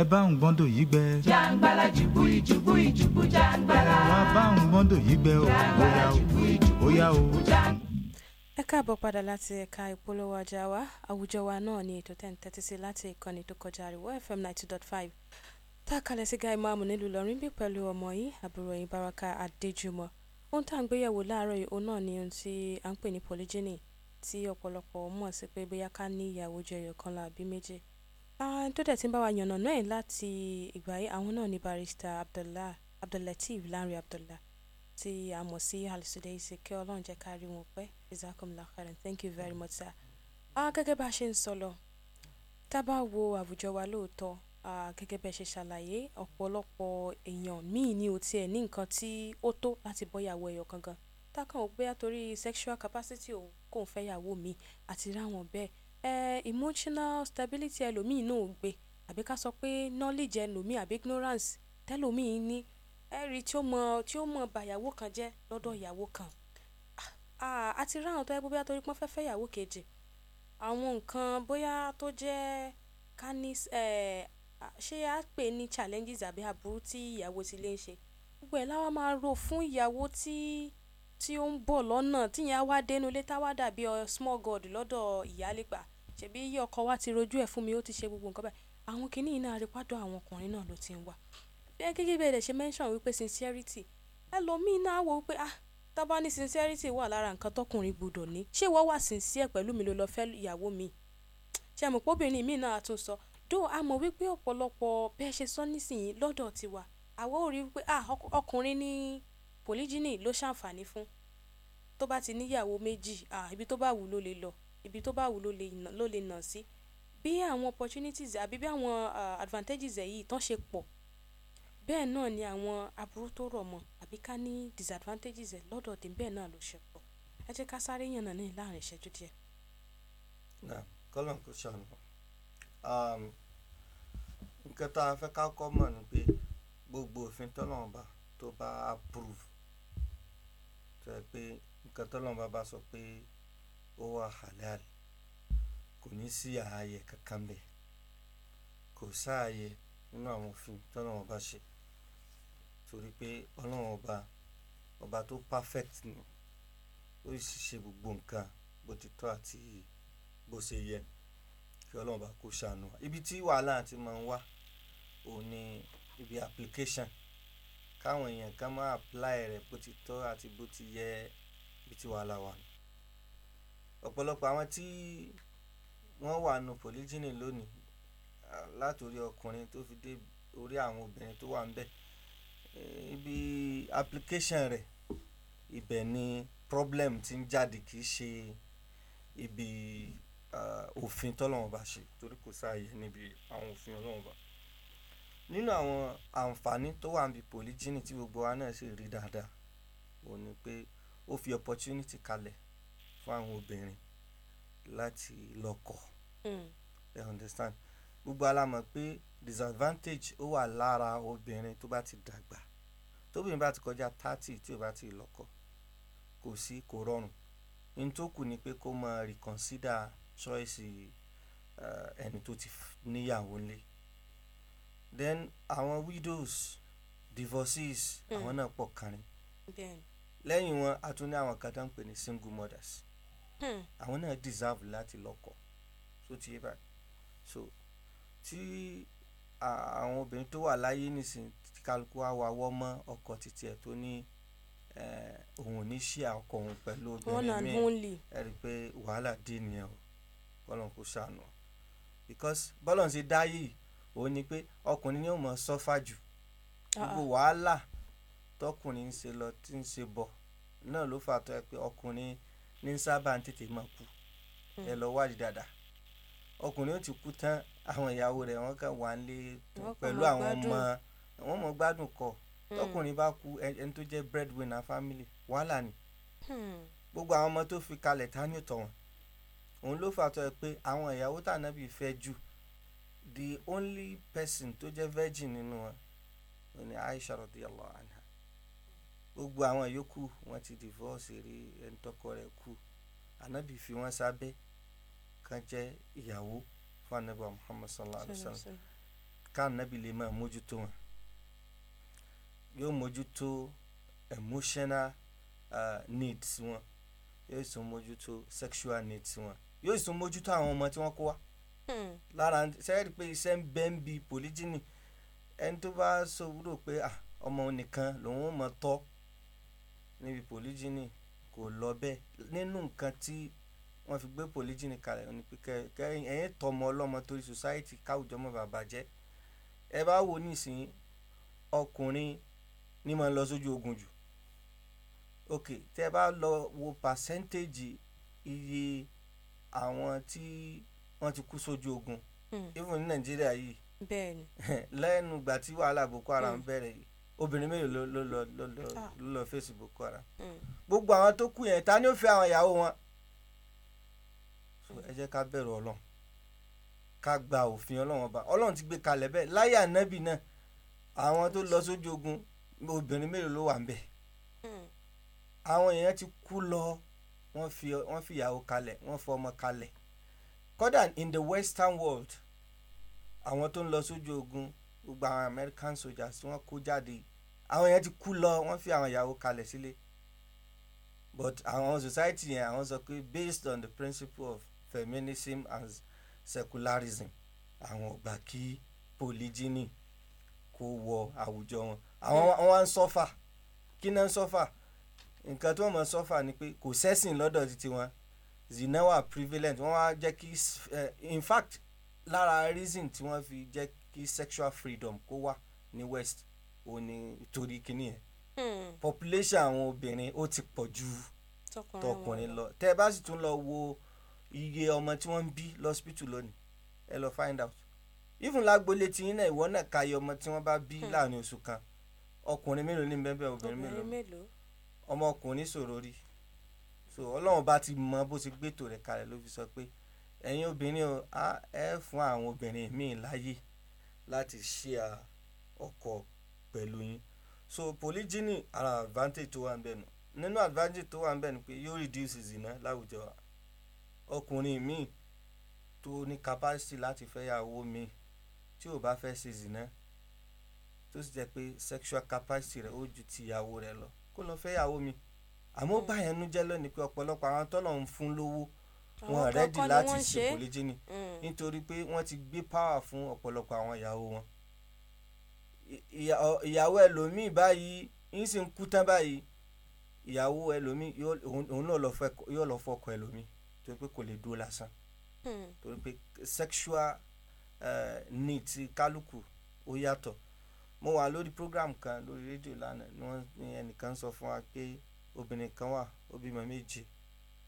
ẹ bá ń gbọ́n dòyí gbẹ. jàǹgbàlà jùbú ìjùbú ìjùbú jàǹgbàlà. wà á bá ń gbọ́n dòyí gbẹ o. jàǹgbàlà jùbú ìjùbú ìjùbú jàǹgbàlà. ẹ káàbọ̀ padà láti ẹ̀ka ìpolówó ọjà wa àwùjọ wa náà ní ètò ten thirty sí láti ìkànnì tó kọjá àríwọ̀ fm ninety dot five tá a kalẹ̀ sí Gai Imamu nílùú bí pẹ̀lú ọmọ yìí àbúrò yìí Baraka Adéjùmọ̀ Ohun tá ń gbéyẹ̀wò láàárọ̀ yìí, òun náà ni ohun tí a ń pè ní polygyny tí ọ̀pọ̀lọpọ̀ mọ̀ sí pé bóyá ká ní ìyàwó ju ẹyọ kan lọ àbí méjì. Àwọn tó dẹ̀ tí ń bá wa yànnàná ẹ̀ láti ìgbà yìí, àwọn náà ni barrister Abdullah Abdullateef Lánre Abdullah tí a mọ̀ sí Al-Sudaisi kí Ọlọ́run jẹ́ ká rí wọn pẹ́. Jazakumullahu khairan. Thank you very much sir. Gẹ́gẹ́ bá a ṣe ń sọ lọ, tá bá wo àwùjọ wa lóòótọ́, à, gẹ́gẹ́ bí ẹ ṣe ṣàlàyé, ọ̀pọ̀lọpọ̀ èèyàn míì ni ò tí è ní nǹkan tí ó tó láti bọ́ ìyàwó ẹyọ kan gan. Tá kàn torí sexual capacity òun kò ń fẹ́ ìyàwó mi àti rí àwọn bẹ́ẹ̀. Ẹ̀, emotional stability ẹlòmíì náà ò gbe àbí ká sọ pé knowledge ẹlòmíì àbí ignorance tí ẹlòmíì ní, ẹ rí tí ó mọ̀, tí ó mọ̀ ba ìyàwó kan jẹ́ lọ́dọ̀ ìyàwó kan. À, a ti rí àwọn tó jẹ́ pé bóyá torí pé wọ́n ìyàwó kejì, àwọn nǹkan bóyá tó jẹ́ ká ní, ṣé a pè ní challenges àbí àbúrú tí ìyàwó ti lè ń ṣe. Gbogbo ẹ̀ láwá máa rò fún ìyàwó tí, tí ó ń bọ̀ lọ́nà tí á wá dé inú ilé tá wá small god lọ́dọ̀ ìyálé pe a. Ṣèbí ọkọ wa ti rojú ẹ̀ fún mi, ó ti ṣe gbogbo nǹkan báyìí. Àwọn kìnì náà a rí pe ọ́dọ̀ àwọn ọkùnrin náà ló ti ń wá. Gẹ́gẹ́ bí dẹ̀ ṣe mention wípé sincerity. Ẹlòmíì náà a wò wípé ah, tí wọ́n ní sincerity wà lára nǹkan tọkùnrin gbọdọ̀ ní. Ṣé ìwọ wà sincere pẹ̀lú mi ló lọ fẹ́ ìyàwó mi? Ṣé ẹ mọ̀ obìnrin mìí náà a tún sọ, though a mọ̀ wípé ọ̀pọ̀lọpọ̀ bẹ́ ṣe sọ nísìnyí lọ́dọ̀ tiwa àwa ò rí wípé ọkùnrin ní polygyny ló ṣàǹfààní fún tó bá ti níyàwó méjì ibi tó bá wù ló lè lọ ibi tó bá wù ló lè nà sí bí àwọn opportunities àbí bí àwọn advantages ẹ̀ yìí tán ṣe pọ̀ bẹ́ẹ̀ náà ni àwọn aburú tó rọ̀ mọ́ àbí ká ní disadvantages ẹ̀ lọ́dọ̀ tí bẹ́ẹ̀ náà ló ṣe pọ̀ ẹ jẹ́ ká sáré yànnà ní láàrin ìṣẹ́jú díẹ̀. kọ́lọ́n kò ṣàánú um nǹkan tá a fẹ́ ká kọ́ mọ̀ ni pé gbogbo òfin tọ́lọ́run tó bá approve tó yẹ pé nǹkan tọ́lọ́run bá sọ pé ó wà halal kò ní sí ààyè kankan bẹ̀ kò sáàyè nínú àwọn òfin tọ́lọ́run bá ṣe torí pé ọlọ́run ọba ọba tó perfect ni ó sì ṣe gbogbo nǹkan bó ti tọ́ àti bó ṣe yẹ kí Ọlọ́run bá kó ṣàánú wa ibi tí wàhálà ti máa ń wá òun ni ibi application káwọn èèyàn kan máa apply rẹ̀ bó ti tọ́ àti bó ti yẹ ibi tí wàhálà wà nù ọ̀pọ̀lọpọ̀ àwọn tí wọ́n wà nù polygyny lónìí látòrí ọkùnrin tó fi dé orí àwọn obìnrin tó wà ń bẹ̀ eh, ibi application rẹ̀ ibẹ̀ ni problem ti ń jáde kì í ṣe ibi. Uh, òfin tọ́lọ́wọ́n bá ṣe torí kò sáàyè níbi àwọn òfin ọlọ́wọ́n bá nínú àwọn àǹfààní tó wà níbi polygyny tí gbogbo wa náà sì rí dáadáa òun ni pé ó fi opportunity kalẹ̀ fún àwọn obìnrin láti lọ́kọ hmm. ẹ understand gbogbo ala mọ̀ pé disadvantage ó wà lára obìnrin tó bá ti dàgbà tóbìnrin bá ti kọjá thirty tí ò bá ti lọ́kọ kò sí kò rọrùn ní tó kù ni pé kó máa reconsider choice eh, ẹni tó ti níyàwó lé then àwọn widows divorces, mm. àwọn náà pọ̀ kárin lẹ́yìn wọn a tún ní àwọn kan tó ń pè ní single mothers hmm. àwọn náà deserve láti lọ́kọ tó ti yé báyìí so tí àwọn obìnrin tó wà láyé nísìnyí kálukú wa wawọ́ mọ́ ọkọ títí ẹ̀ tó ní eh, òun ò ní ṣe ọkọ òun pẹ̀lú obìnrin míì ẹ rí i pé wàhálà dé nìyẹn o. Ọlọ́run kò ṣàánú because bọ́lọ́run ṣe dá yìí òun ni pé ọkùnrin ni ó mọ̀ sọ́fà jù gbogbo ah. wàhálà tọkùnrin ń ṣe lọ tí ń ṣe bọ̀ náà ló fà tó yẹ pé ọkùnrin ní sábà ń tètè máa kú ẹ lọ hmm. wádìí dáadáa ọkùnrin ó ti kú tán àwọn ìyàwó rẹ̀ wọ́n kàn wà nílé pẹ̀lú àwọn ọmọ wọ́n mọ̀ gbádùn kọ́ hmm. tọkùnrin bá kú ẹni tó jẹ́ breadwinner family wàhálà ni hmm. gbogbo àwọn ọmọ tó fi kalẹ̀ ta ni ò òun ló fà tó pé àwọn ìyàwó tànàbì fẹ́ jù the only person tó jẹ́ virgin nínú wọn ò ní Aisha radiyallahu anha gbogbo àwọn yòókù wọn ti divorce rí ẹnitọ́kọ rẹ̀ kú ànábì fi wọn sábẹ́ kan jẹ́ ìyàwó fún ànábì Muhammad sallallahu Alaihi wa sallam ká ànábì lè máa mójútó wọn yóò mójútó emotional uh, needs wọn yóò sì mójútó sexual needs wọn yóò sì tún mójútó àwọn ọmọ tí wọ́n kó wá hmm. lára sẹ́yìn pé iṣẹ́ ń bẹ́ ń bi pòlíjìnì ẹni tó bá sọ̀rọ̀ pé ọmọ nìkan lòun ò mọ̀ tọ́ níbi pòlíjìnì kò lọ bẹ́ẹ̀ nínú nǹkan tí wọ́n fi gbé pòlíjìnì kalẹ̀ ní pé kẹrin ẹ̀yìn tọmọ ọlọ́mọ torí society káwùjọ mọ̀ bàbá jẹ́ ẹ bá wo nísìnyí ọkùnrin ni máa ń lọ sójú ogun jù ok tẹ́ bá lọ wo percentage iye àwọn tí wọ́n ti kú sójú ogun hmm. even ní nàìjíríà yìí *laughs* lẹ́nu ìgbà tí wàhálà boko haram hmm. bẹ̀rẹ̀ yìí obìnrin mélòó ló lọ lọ lọ ló lọ ah. fèsì boko haram hmm. gbogbo àwọn tó kú yẹn ta ni ó fẹ́ àwọn ìyàwó wọn so ẹ jẹ́ ká bẹ̀rù ọlọ́run ká gba òfin ọlọ́run ọba ọlọ́run ti gbé kalẹ̀ bẹ́ẹ̀ láyé ànábì náà àwọn tó lọ sójú ogun obìnrin mélòó ló wà ń bẹ̀ àwọn èèyàn ti kú lọ wọ́n fi wọ́n fi ìyàwó kalẹ̀ wọ́n fọ ọmọ kalẹ̀ kódà in the western world àwọn tó ń lọ sójú ogun gbogbo àwọn American soldiers tí wọ́n kó jáde àwọn yẹn ti kú lọ wọ́n fi àwọn ìyàwó kalẹ̀ sílé but àwọn society yẹn àwọn sọ pé based on the principle of feminism and secularism àwọn ò gbà kí polygyny kó wọ àwùjọ wọn àwọn wọn ń sọ́fà kí náà ń sọ́fà nǹkan tí wọ́n mọ̀ sọ́fà ni pé kò sẹ́sìn lọ́dọ̀ títí wọn zina wà prevalent wọ́n wá jẹ́ kí in fact lára reason tí wọ́n fi jẹ́ kí sexual freedom kó wà ní west ò ní torí kíní yẹn hmm. population àwọn obìnrin ó ti pọ̀ ju tọkùnrin lọ tẹ́ ẹ bá sì tún lọ wo iye ọmọ tí wọ́n ń bí lọ́sípítù lónìí ẹ lọ find out even lágbolé tí yín náà ìwọ náà ka iye ọmọ tí wọ́n bá bí hmm. láàrin oṣù kan ọkùnrin mélòó ní bẹ́ẹ̀ bẹ́ẹ̀ obìnrin mélòó ọmọkùnrin níṣòro rí so ọlọ́run bá ti mọ bó ti gbétò rẹ̀ kalẹ̀ ló fi sọ pé ẹ̀yin obìnrin o ẹ fún àwọn obìnrin míì láyè láti share ọkọ pẹ̀lú yín so polygyny ara advantage tó wà ń nù nínú advantage tó wà ń ni pé yóò reduce ìzìnà láwùjọ wa ọkùnrin míì tó ní capacity láti fẹ́ yàwó míì tí ò bá fẹ́ ṣe ìzìnà tó sì jẹ́ pé sexual capacity rẹ̀ ó ju ti ìyàwó rẹ̀ lọ kó lọ fẹ́ ìyàwó mi àmọ́ ó mm. báyẹn nu jẹ́ lónìí pé ọ̀pọ̀lọpọ̀ àwọn tọ́lọ̀ ń fún lówó wọn rẹ́dì láti ṣe kò lè jẹ́ ni mm. nítorí pé wọ́n ti gbé power fún ọ̀pọ̀lọpọ̀ àwọn ìyàwó wọn ìyàwó ẹlòmíì báyìí ń sì ń kú tán báyìí ìyàwó ẹlòmíì òun náà yóò lọ fọkọ ẹlòmíì torí pé kò lè dúró lásán hmm. torí pé sexual uh, eh, need kálukú ó yàtọ̀ mo wà lórí program kan lórí rédíò lánàá ni wọ́n ní ẹnìkan sọ fún wa pé obìnrin kan wà ó bímọ méje.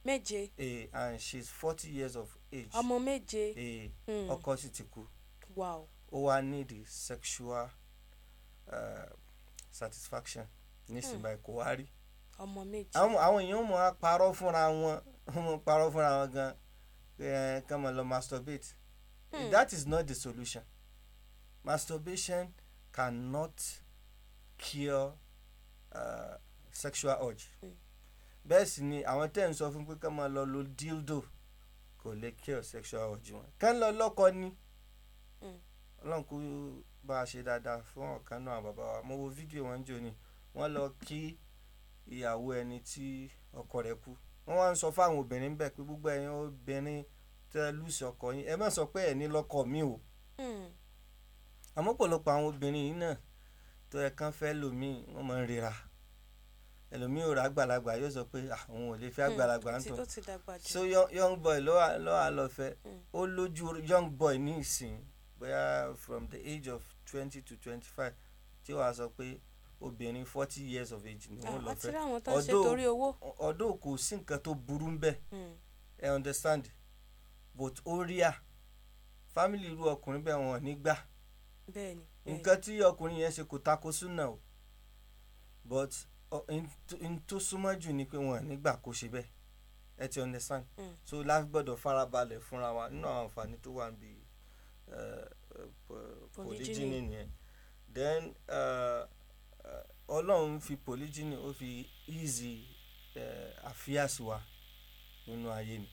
méje. ee and she's forty years of age. ọmọ méje. ee hmm. ọkọ sì ti kú. wow. ó wá need sexual uh, satisfaction nísìnyí hmm. báyìí kò wá rí. ọmọ méje. àwọn èèyàn mọ̀ á parọ́ fúnra wọn mọ̀ parọ́ fúnra wọn gan kàn mọ̀ lọ masturbate. Hmm. that is not the solution masturbation cannot cure uh, sexual urge bẹ́ẹ̀ sì ni àwọn tẹ́ ń sọ fún pé kán máa lọ lo dildo kò lè cure sexual urge wọn kán lọ lọ́kọ ni ọlọ́run kú bá a ṣe dáadáa fún ọ̀kan náà bàbá wa mo wo fídíò wọn jò ní wọ́n lọ kí ìyàwó ẹni tí ọkọ rẹ̀ kú wọ́n wá ń sọ fáwọn obìnrin bẹ́ẹ̀ pé gbogbo ẹ̀yin obìnrin tẹ́ lùsì ọkọ yín ẹ má sọ pé ẹ̀ ní lọ́kọ mi o. Hmm. Àmọ́ ọ̀pọ̀lọpọ̀ àwọn obìnrin yìí náà tó yẹ kán fẹ́ lòmí wọ́n máa ń rira. Ẹlòmí ò rà àgbàlagbà yóò sọ pé àwọn ò lè fẹ́ hmm, àgbàlagbà ń tọ́. So young boy lọ́wọ́ àlọ́fẹ́ hmm. ó lójú young boy ní ìsìn bóyá from the age of twenty to twenty-five tí wàá sọ pé obìnrin forty years of age ni ah, wọ́n lọ fẹ́. Ọ̀dọ́ kò sí nǹkan tó burú ń bẹ̀ ẹ hmm. understand but ó rí à family irú ọkùnrin bẹ́ẹ̀ wọn ò ní gbà bẹ́ẹ̀ni. nǹkan tí ọkùnrin yẹn ṣe kò tako súnà o but n tó súnmọ́ jù ni pé wọ́n nígbà kó ṣe bẹ́ẹ̀ ẹ ti understand mm. so láti gbọ́dọ̀ farabalẹ̀ fúnra wa nínú àwọn àǹfààní tó wà níbi polygyny nìyẹn then ọlọ́run fi polygyny ó fi easy àfíàsí wa nínú ayé mi.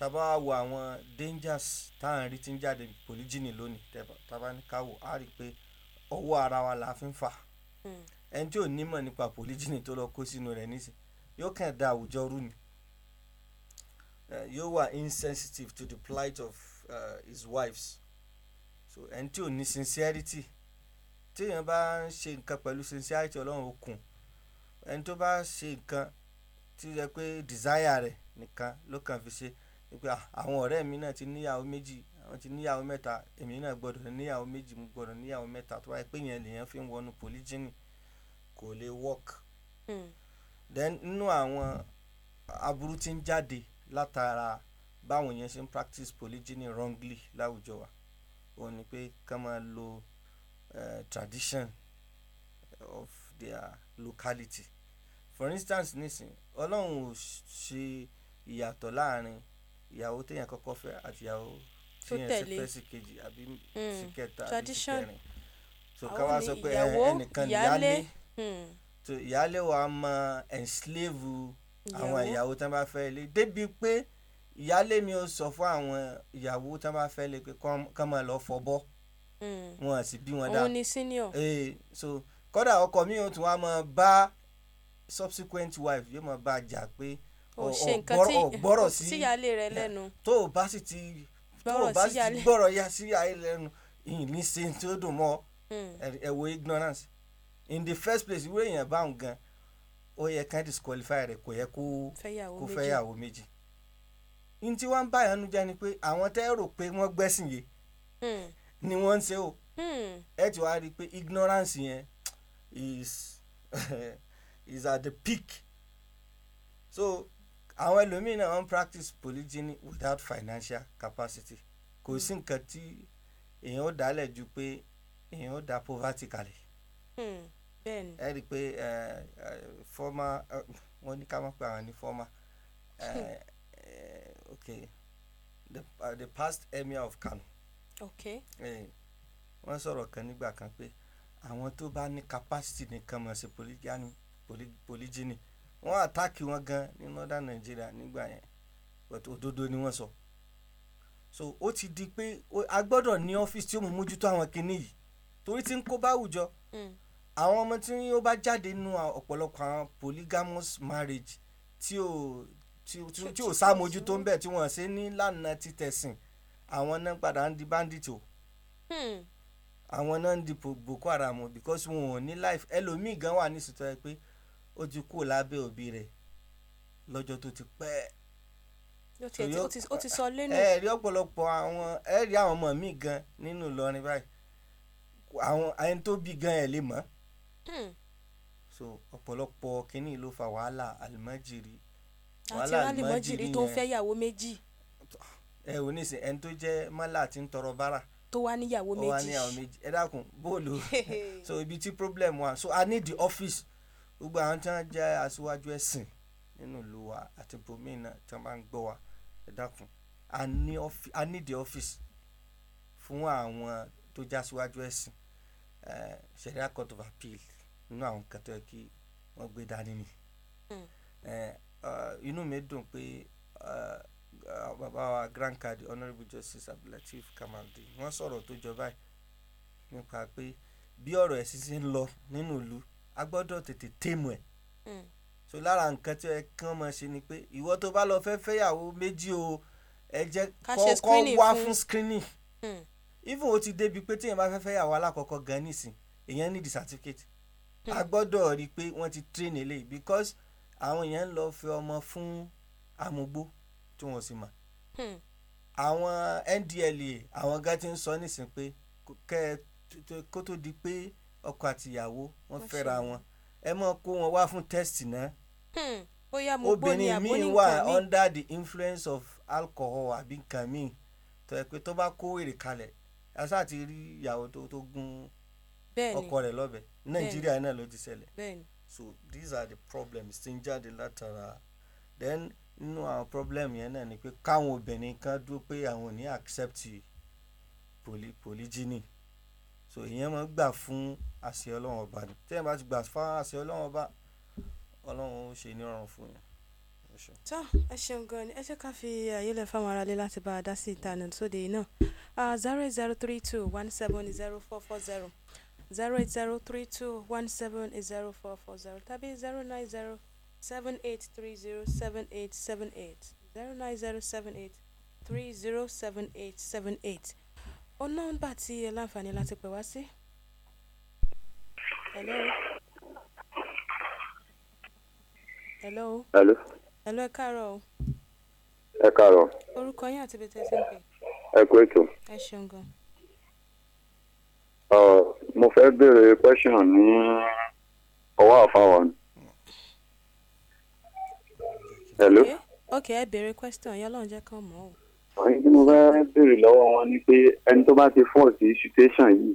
Taba a bá wo àwọn dangers tá à ń rí ń jáde polygyny lónìí tá ní ká wò á rí i pé ọwọ́ ara wa la fi ń fà hmm. ẹni tí ò nímọ̀ nípa polygyny tó lọ kó sínú rẹ̀ nísìn yóò kàn da àwùjọ rú ni yóò wà insensitive to the plight of uh, his wives so ẹni tí ò ní sincerity tí èèyàn bá ń ṣe nǹkan pẹ̀lú sincerity ọlọ́run okùn ẹni tó bá ṣe nǹkan tí yẹ pé desire rẹ̀ nìkan ló kàn fi ṣe wípé àwọn ọ̀rẹ́ mi náà ti níyàwó méjì àwọn ti níyàwó mẹ́ta èmi náà gbọ́dọ̀ níyàwó méjì mo gbọ́dọ̀ níyàwó mẹ́ta tó wáyé pé yẹn lèyàn fi ń wọnú polygyny kò lè work. Hmm. then nínú àwọn aburú tí ń jáde látara báwọn yẹn ṣe ń practice polygyny wrongly láwùjọ wa òun ni pé ká máa lo eh, tradition of their locality for instance nísìnyí ọlọ́run ò ṣe ìyàtọ̀ láàrin ìyàwó téèyàn kọ́kọ́ fẹ́ àti ìyàwó téèyàn ṣe fẹ́ sí kejì àbí sí hmm. kẹta àbí sí kẹrin so ká wá sọ pé ẹnìkan ìyálé hmm. so ìyálé wa máa enslave àwọn ìyàwó tí wọ́n bá fẹ́ lé débi pé ìyálé mi ò sọ fún àwọn ìyàwó tí wọ́n bá fẹ́ lé pé kán máa lọ fọbọ́ hmm. wọn sì bí wọn dá òun ni senior. ee eh, so kódà ọkọ mi ò tún wá máa bá subsequent wife yóò máa bá a jà pé ò ṣe nǹkan tí ọ̀gbọ́rọ̀ *laughs* sí síyálé rẹ lẹ́nu. tó o bá sì ti tó o bá sì ti gbọ́rọ̀ ya síyálé lẹ́nu ìní ṣe tí ó dùn mọ́ hmm. ẹ wo ignorance in the first place ìwé èèyàn bá ń gan ó yẹ kán disqualify rẹ kò yẹ kó kó fẹ́yàwó méjì n tí wọ́n ń báyọ̀ nu jẹ́ ni pé àwọn tẹ́ rò pé wọ́n gbẹ́sìn yé hmm. ni wọ́n ń ṣe o hmm. ẹ ti wá rí i pé ignorance yẹn is *laughs* is at the peak so àwọn ẹlòmíì náà wọ́n practice polygyny without financial capacity kò sí hmm. nǹkan tí èèyàn ó dálẹ̀ ju pé èèyàn ó da poverty kalẹ̀ hmm, ẹ rí i pé former wọ́n ní ká má pè àwọn ní former hmm. okay the, uh, the past emir of Kano okay wọ́n sọ̀rọ̀ kan nígbà kan pé àwọn tó bá ní capacity nìkan mọ̀ sí polygyny polygyny. Poly, wọ́n àtáàkì wọn gan ní northern Nigeria nígbà yẹn but òdodo ni wọ́n sọ so ó ti di pé a gbọ́dọ̀ ní ọ́fíìsì tí ó mú mójútó àwọn kinní yìí torí tí ń kó bá àwùjọ hmm. àwọn ọmọ tí ó bá jáde nínú ọ̀pọ̀lọpọ̀ àwọn polygamous marriage tí ò tí ò sámójútó ń bẹ̀ tí wọ́n ṣe ní lànà títẹ̀sìn àwọn náà padà ń di bandit o hmm. àwọn náà ń di Boko Haram because wọn ò ní life ẹlòmíì gan wà ní ìsìtọ́ ẹ pé ó ti kú lábẹ́ òbí rẹ̀ lọ́jọ́ tó ti pẹ́ ó ti sọ lẹ́nu. ẹ rí ọ̀pọ̀lọpọ̀ àwọn ẹ rí àwọn ọmọ mi gan nínú Ìlọrin báyìí àwọn ẹni tó bí gan ẹ̀ lè mọ̀ hmm. so ọ̀pọ̀lọpọ̀ kínní ló fa wàhálà àlùmọ́jìrì wàhálà àlùmọ́jìrì tó fẹ́ yàwó méjì. ẹ ò ní sìn ẹni tó jẹ́ mọ́là tí ń tọrọ bárà tó wá wá níyàwó méjì ẹ dákun bóòlù *laughs* so ibi tí problem wà so i need the office gbogbo àwọn tí wọ́n jẹ́ aṣíwájú ẹ̀sìn nínú ìlú wa àti bòmíì náà tí wọ́n bá ń gbọ́ wa ẹ a ní the office fún àwọn tó jẹ́ aṣíwájú ẹ̀sìn Sharia court of appeal nínú àwọn kan tó yẹ kí wọ́n gbé dání ni hmm. inú mi dùn pé bàbá wa grand cadi honourable justice abdulateef kamaldeen wọ́n sọ̀rọ̀ tó jọ báyìí nípa pé bí ọ̀rọ̀ ẹ̀sìn ṣe ń lọ nínú ìlú a gbọ́dọ̀ tètè tèmù ẹ̀ hmm. so lára nǹkan tí ẹ kàn máa ṣe ni pé ìwọ tó bá lọ fẹ́ fẹ́yàwó méjì o ẹ jẹ́ kọ́kọ́ wá fún screening hmm. even o ti débi pé téèyàn bá fẹ́ fẹ́yàwó alákọ̀ọ́kọ́ gan nísìn èèyàn need certificate a hmm. gbọ́dọ̀ rí i pé wọ́n ti train eléyìí because àwọn èèyàn ń lọ fẹ́ ọmọ fún amúgbó tí wọ́n sì mọ̀ àwọn NDLEA àwọn gan ti ń sọ nísìn pé kó tó di pé ọkọ àtìyàwó wọ́n fẹ́ra wọn ẹ mọ̀ kó wọn wá fún tẹ́sítì náà. Hmm, bóyá mo gbọ́ ni àbó ní mi obìnrin míì wà under the influence of alcohol àbí nǹkan míì tó yẹ pé tó bá kó èrè kalẹ̀ àṣà àti rí ìyàwó tó tó gún ọkọ rẹ̀ lọ́bẹ nàìjíríà náà ló ti ṣẹlẹ̀ so these are the problems tí ń jáde látara then nínú àwọn problem yẹn náà ni pé káwọn obìnrin kan dúró pé àwọn ò ní accept polygyny. Poly so èèyàn máa ń gbà fún àṣẹ ọlọ́run ọba ni tẹ́yìn bá ti gbà fún àṣẹ ọlọ́run ọba ọlọ́run ó ṣe nírọ̀rùn fún yẹn. tó ẹ ṣeun gan ni ẹ jẹ́ ká fi àyè lẹ̀ fáwọn aráalé láti bá a dá sí ìtànà sóde náà zero eight zero three two one seven zero four four zero zero eight zero three two one seven zero four four zero tàbí zero nine zero seven eight three zero seven eight seven eight zero nine zero seven eight three zero seven eight seven eight. Ó nọ́mbà tí ẹ láǹfààní láti pè wá sí. Hello. Hello. Hello. Hello, ẹ káàárọ̀ o. Ẹ káàárọ̀. Orúkọ yín àti ibi tẹ́ ẹ ti ń pè. Ẹ kú ètò. Ẹ ṣeun gan. Mo fẹ́ béèrè question ní ọwọ́ àfáwọn. Hello. Ok, ẹ béèrè question yẹn lọ́n jẹ́ kán mọ̀ ọ́ ọ̀rẹ́ tí mo fẹ́ béèrè lọ́wọ́ wọn ni pé ẹni tó bá ti fọ́ sí situation yìí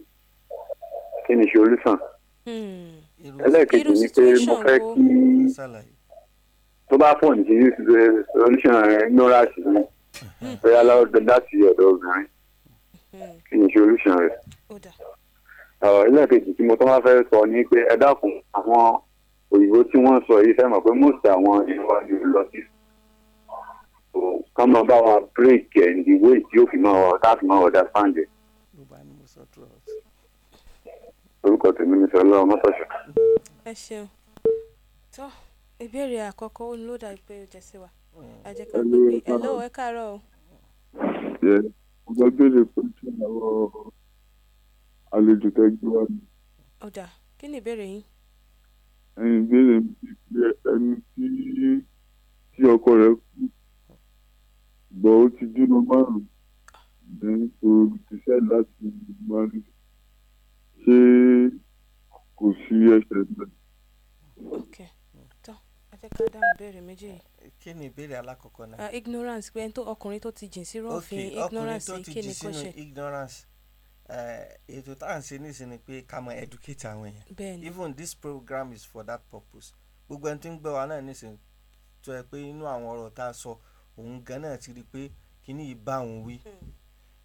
kí ni solution. Hmm. ẹlẹ́ẹ̀kejì ni pé mo fẹ́ kí tó bá fọ́ sí solution ignorance ni hmm. bóyá lọ́dọ̀ láti ọ̀dọ̀ obìnrin hmm. kí ni solution rẹ̀. ẹlẹ́ẹ̀kejì tí mo tọ́ bá fẹ́ sọ ni pé ẹ dákun àwọn òyìnbó tí wọ́n sọ yìí fẹ́ mọ̀ pé most àwọn ìwà yóò lọ sí ká máa bá wa break ẹ̀ ní ìwé tí yóò fi máa wà ká fi máa wà dá sáǹdì. orúkọ tèmi ni sọlá ọmọfẹsẹ. ẹ ṣeun tó ìbéèrè àkọ́kọ́ ó ló dà pé o jẹ́sí wa àjẹká pé pé ẹ lọ́wọ́ ẹ káàárọ̀ o. ẹ ọgbà béèrè pé kí àwọn àlejò tẹ gbé wá mi. ọ̀dà kí ni ìbéèrè yín. ẹ̀yin ìbéèrè mi ti pé ẹni tí ọkọ rẹ̀ kú ṣùgbọ́n ó ti dúró márùn-ún ní olùdíṣẹ́ láti mari ṣé kò sí ẹsẹ̀ náà. ok tán ẹ jẹ́ ká dáhùn ìbéèrè méjì yìí. kí ni ìbéèrè alákọ̀ọ́kọ́ náà. Ah, ignorance pé ọkùnrin tó ti jìn sí rọ́ọ̀fin ignorance kí ni kò ṣe. ọkùnrin tó ti jìn sínú ignorance eh, ètò tá à ń ṣe nísìnyí ni pé ká mọ educate àwọn èèyàn. bẹ́ẹ̀ni even this program is for that purpose. gbogbo ẹni tí ń gbọ́ wa náà nísìnyí tó yẹ pé inú àwọn ọ̀rọ̀ tá a sọ. So, òun gan náà ti rí pé kíní yìí òun wí hmm.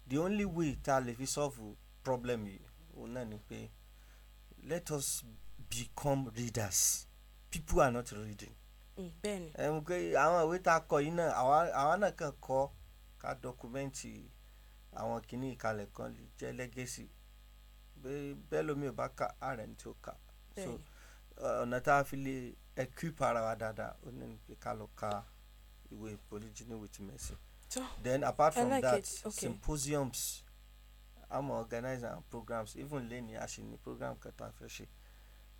the only way ta a lè fi solve problem yìí òun náà ni pé let us become readers people are not reading. Hmm, bẹ́ẹ̀ni. ẹ mú pé àwọn ìwé tá a kọ yìí náà àwa náà kàn kọ ká dọkumẹ́ǹtì àwọn kíní ìkàlẹ̀ kan jẹ́ legacy bẹ́ẹ̀ lómi ò bá ka àrẹ̀ tí ó kà so ọ̀nà tá a fi lè equip ara wa dáadáa ó ní ká lọ ka we were polygyny with mercy. So, then apart from like that, okay. symposiums, I'm organizing programs, even Lenny a program kan tá a fẹ́ ṣe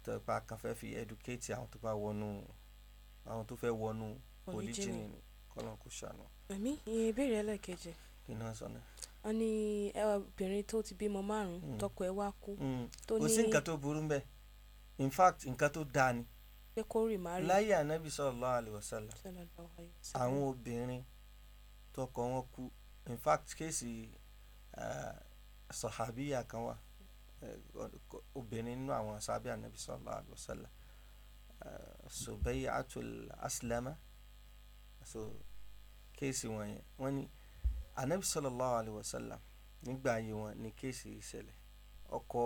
tó pa kan fẹ́ fi educate àwọn tó bá wọnú àwọn tó fẹ́ wọnú polygyny ni kọ́lọ́n kò ṣàánú. Ẹ̀mí very like it. ni wọ́n sọ náà? Wọ́n ní obìnrin tó ti bímọ márùn-ún hmm. tọkọ ẹ̀ wá kú. Hmm. Kò sí nǹkan tó burú mbẹ̀. In fact, nǹkan tó dáa ni pé kó rì má rì. láyé ànábì sallallahu alaihi wasallam àwọn obìnrin tọkọ wọn kú in fact kéèsì eh, sọ̀hábíyà kan wà eh, obìnrin nínú àwọn sàbí ànábì sallallahu alaihi wasallam eh, Subay'atul Aslama so kéèsì wọn yẹn wọn ni ànábì sallallahu alaihi wasallam nígbà yìí wọn ni kéèsì ìṣẹ̀lẹ̀ ọkọ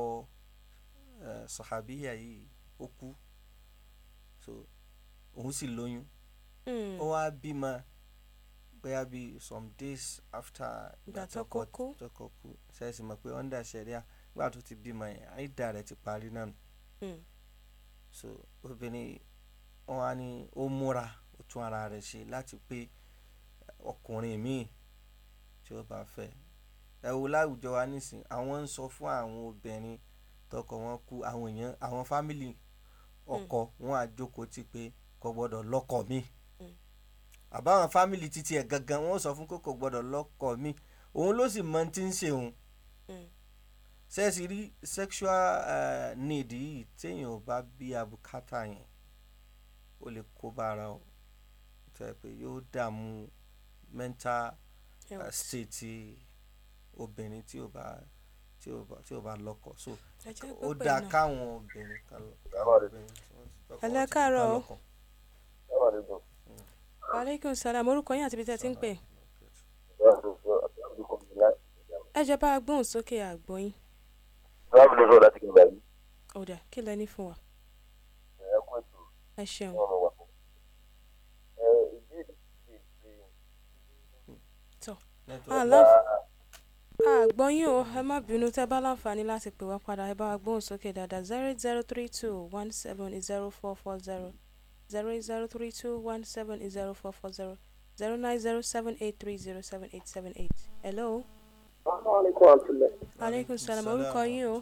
sọ̀hábíyà yìí ó kú so òun sì lóyún hmm. ó wá bímọ bóyá bí some days after ìgbà tọkọ kú tọkọ kú ṣẹ́ẹ̀sì mọ̀ pé under sẹ̀ríà nígbà tó ti bímọ yẹn àìdá rẹ̀ ti parí náà nù hmm. so obìnrin wọn á ní ó múra ó tún ara rẹ̀ ṣe láti pé ọkùnrin míì tí ó bá fẹ́ ẹ wo láwùjọ wa nísìn àwọn ń sọ fún àwọn obìnrin tọkọ wọn kú àwọn èèyàn àwọn fámìlì Hmm. ọkọ wọn àjókòó ti pé kò gbọ́dọ̀ lọ́kọ mi hmm. àbáwọn fámìlì títí ẹ̀ gangan wọ́n sọ fún kókò gbọ́dọ̀ lọ́kọ mi òun ló sì mọ ti ń ṣe òun sẹ́ẹ̀sì hmm. rí sexual uh, need yìí téèyàn ò bá bí abùkátà yẹn ó lè kó bára o tẹ́ pé yóò dààmú mental uh, state obìnrin tí ò bá tí ò bá lọ́kọ so ó dáa káwọn obìnrin kan lọ. ẹ o. aleykum salaam orúkọ yín àti ibi tẹ́ ti ń pè. ẹ jẹ́ bá a gbóhùn sókè àgbọ̀ yín. aláàbò ló sọ̀rọ̀ láti kí n ọ̀dà kí lẹ ní fún wa. ẹ kú ètò. ẹ ṣeun. ìdí ìdí ìdí. tọ́ àlọ́. A gbọ́ yín o, ẹ má bínú tí ẹ bá láǹfààní láti pè wá padà, ẹ bá wa gbóhùn sókè dáadáa zero eight zero three two one seven zero four four zero zero eight zero three two one seven zero four four zero zero nine zero seven eight three zero seven eight seven eight. Hello. Aleykum Asile. Aleykum Salam, orúkọ yín o.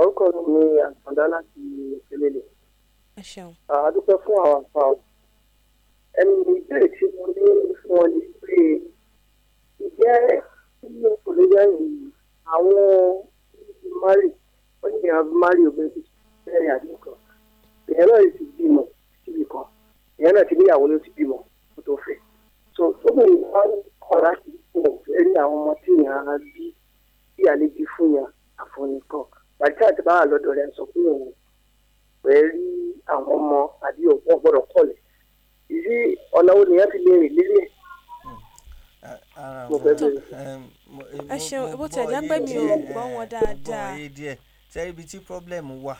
Orúkọ mi ni Àtàndá láti Ìpínlẹ̀. Ẹ ṣeun. Àdúpẹ́ fún àwọn àfa o. Ẹni ìbéèrè tí mo ní fún ọ ni pé ǹjẹ́ sílé kò lè yẹ àwọn mari wọ́n ní ìyàwó mari obìnrin ti bẹ́ẹ̀ àti nǹkan ìyẹn náà ti bímọ síbi kan ìyẹn náà ti níyàwó ló ti bímọ kó tó fẹ́ so tóbìnrin wọn kọ láti fún ẹrí àwọn ọmọ tí yàn á bí bí àlejò fún yàn àfọnìkan bàtí àti bá wà lọ́dọ̀ rẹ̀ sọ fún òun pẹ̀ rí àwọn ọmọ àbí òun ọgbọ́dọ̀ kọ̀lẹ̀ ìdí ọ̀nà wo nìyẹn fi lè rìn lérí ẹ̀ ẹ ṣeun bó tẹ̀ jẹ́ pé mi ò gbọ́ wọn dáadáa. sẹ́rí ibi tí problem wà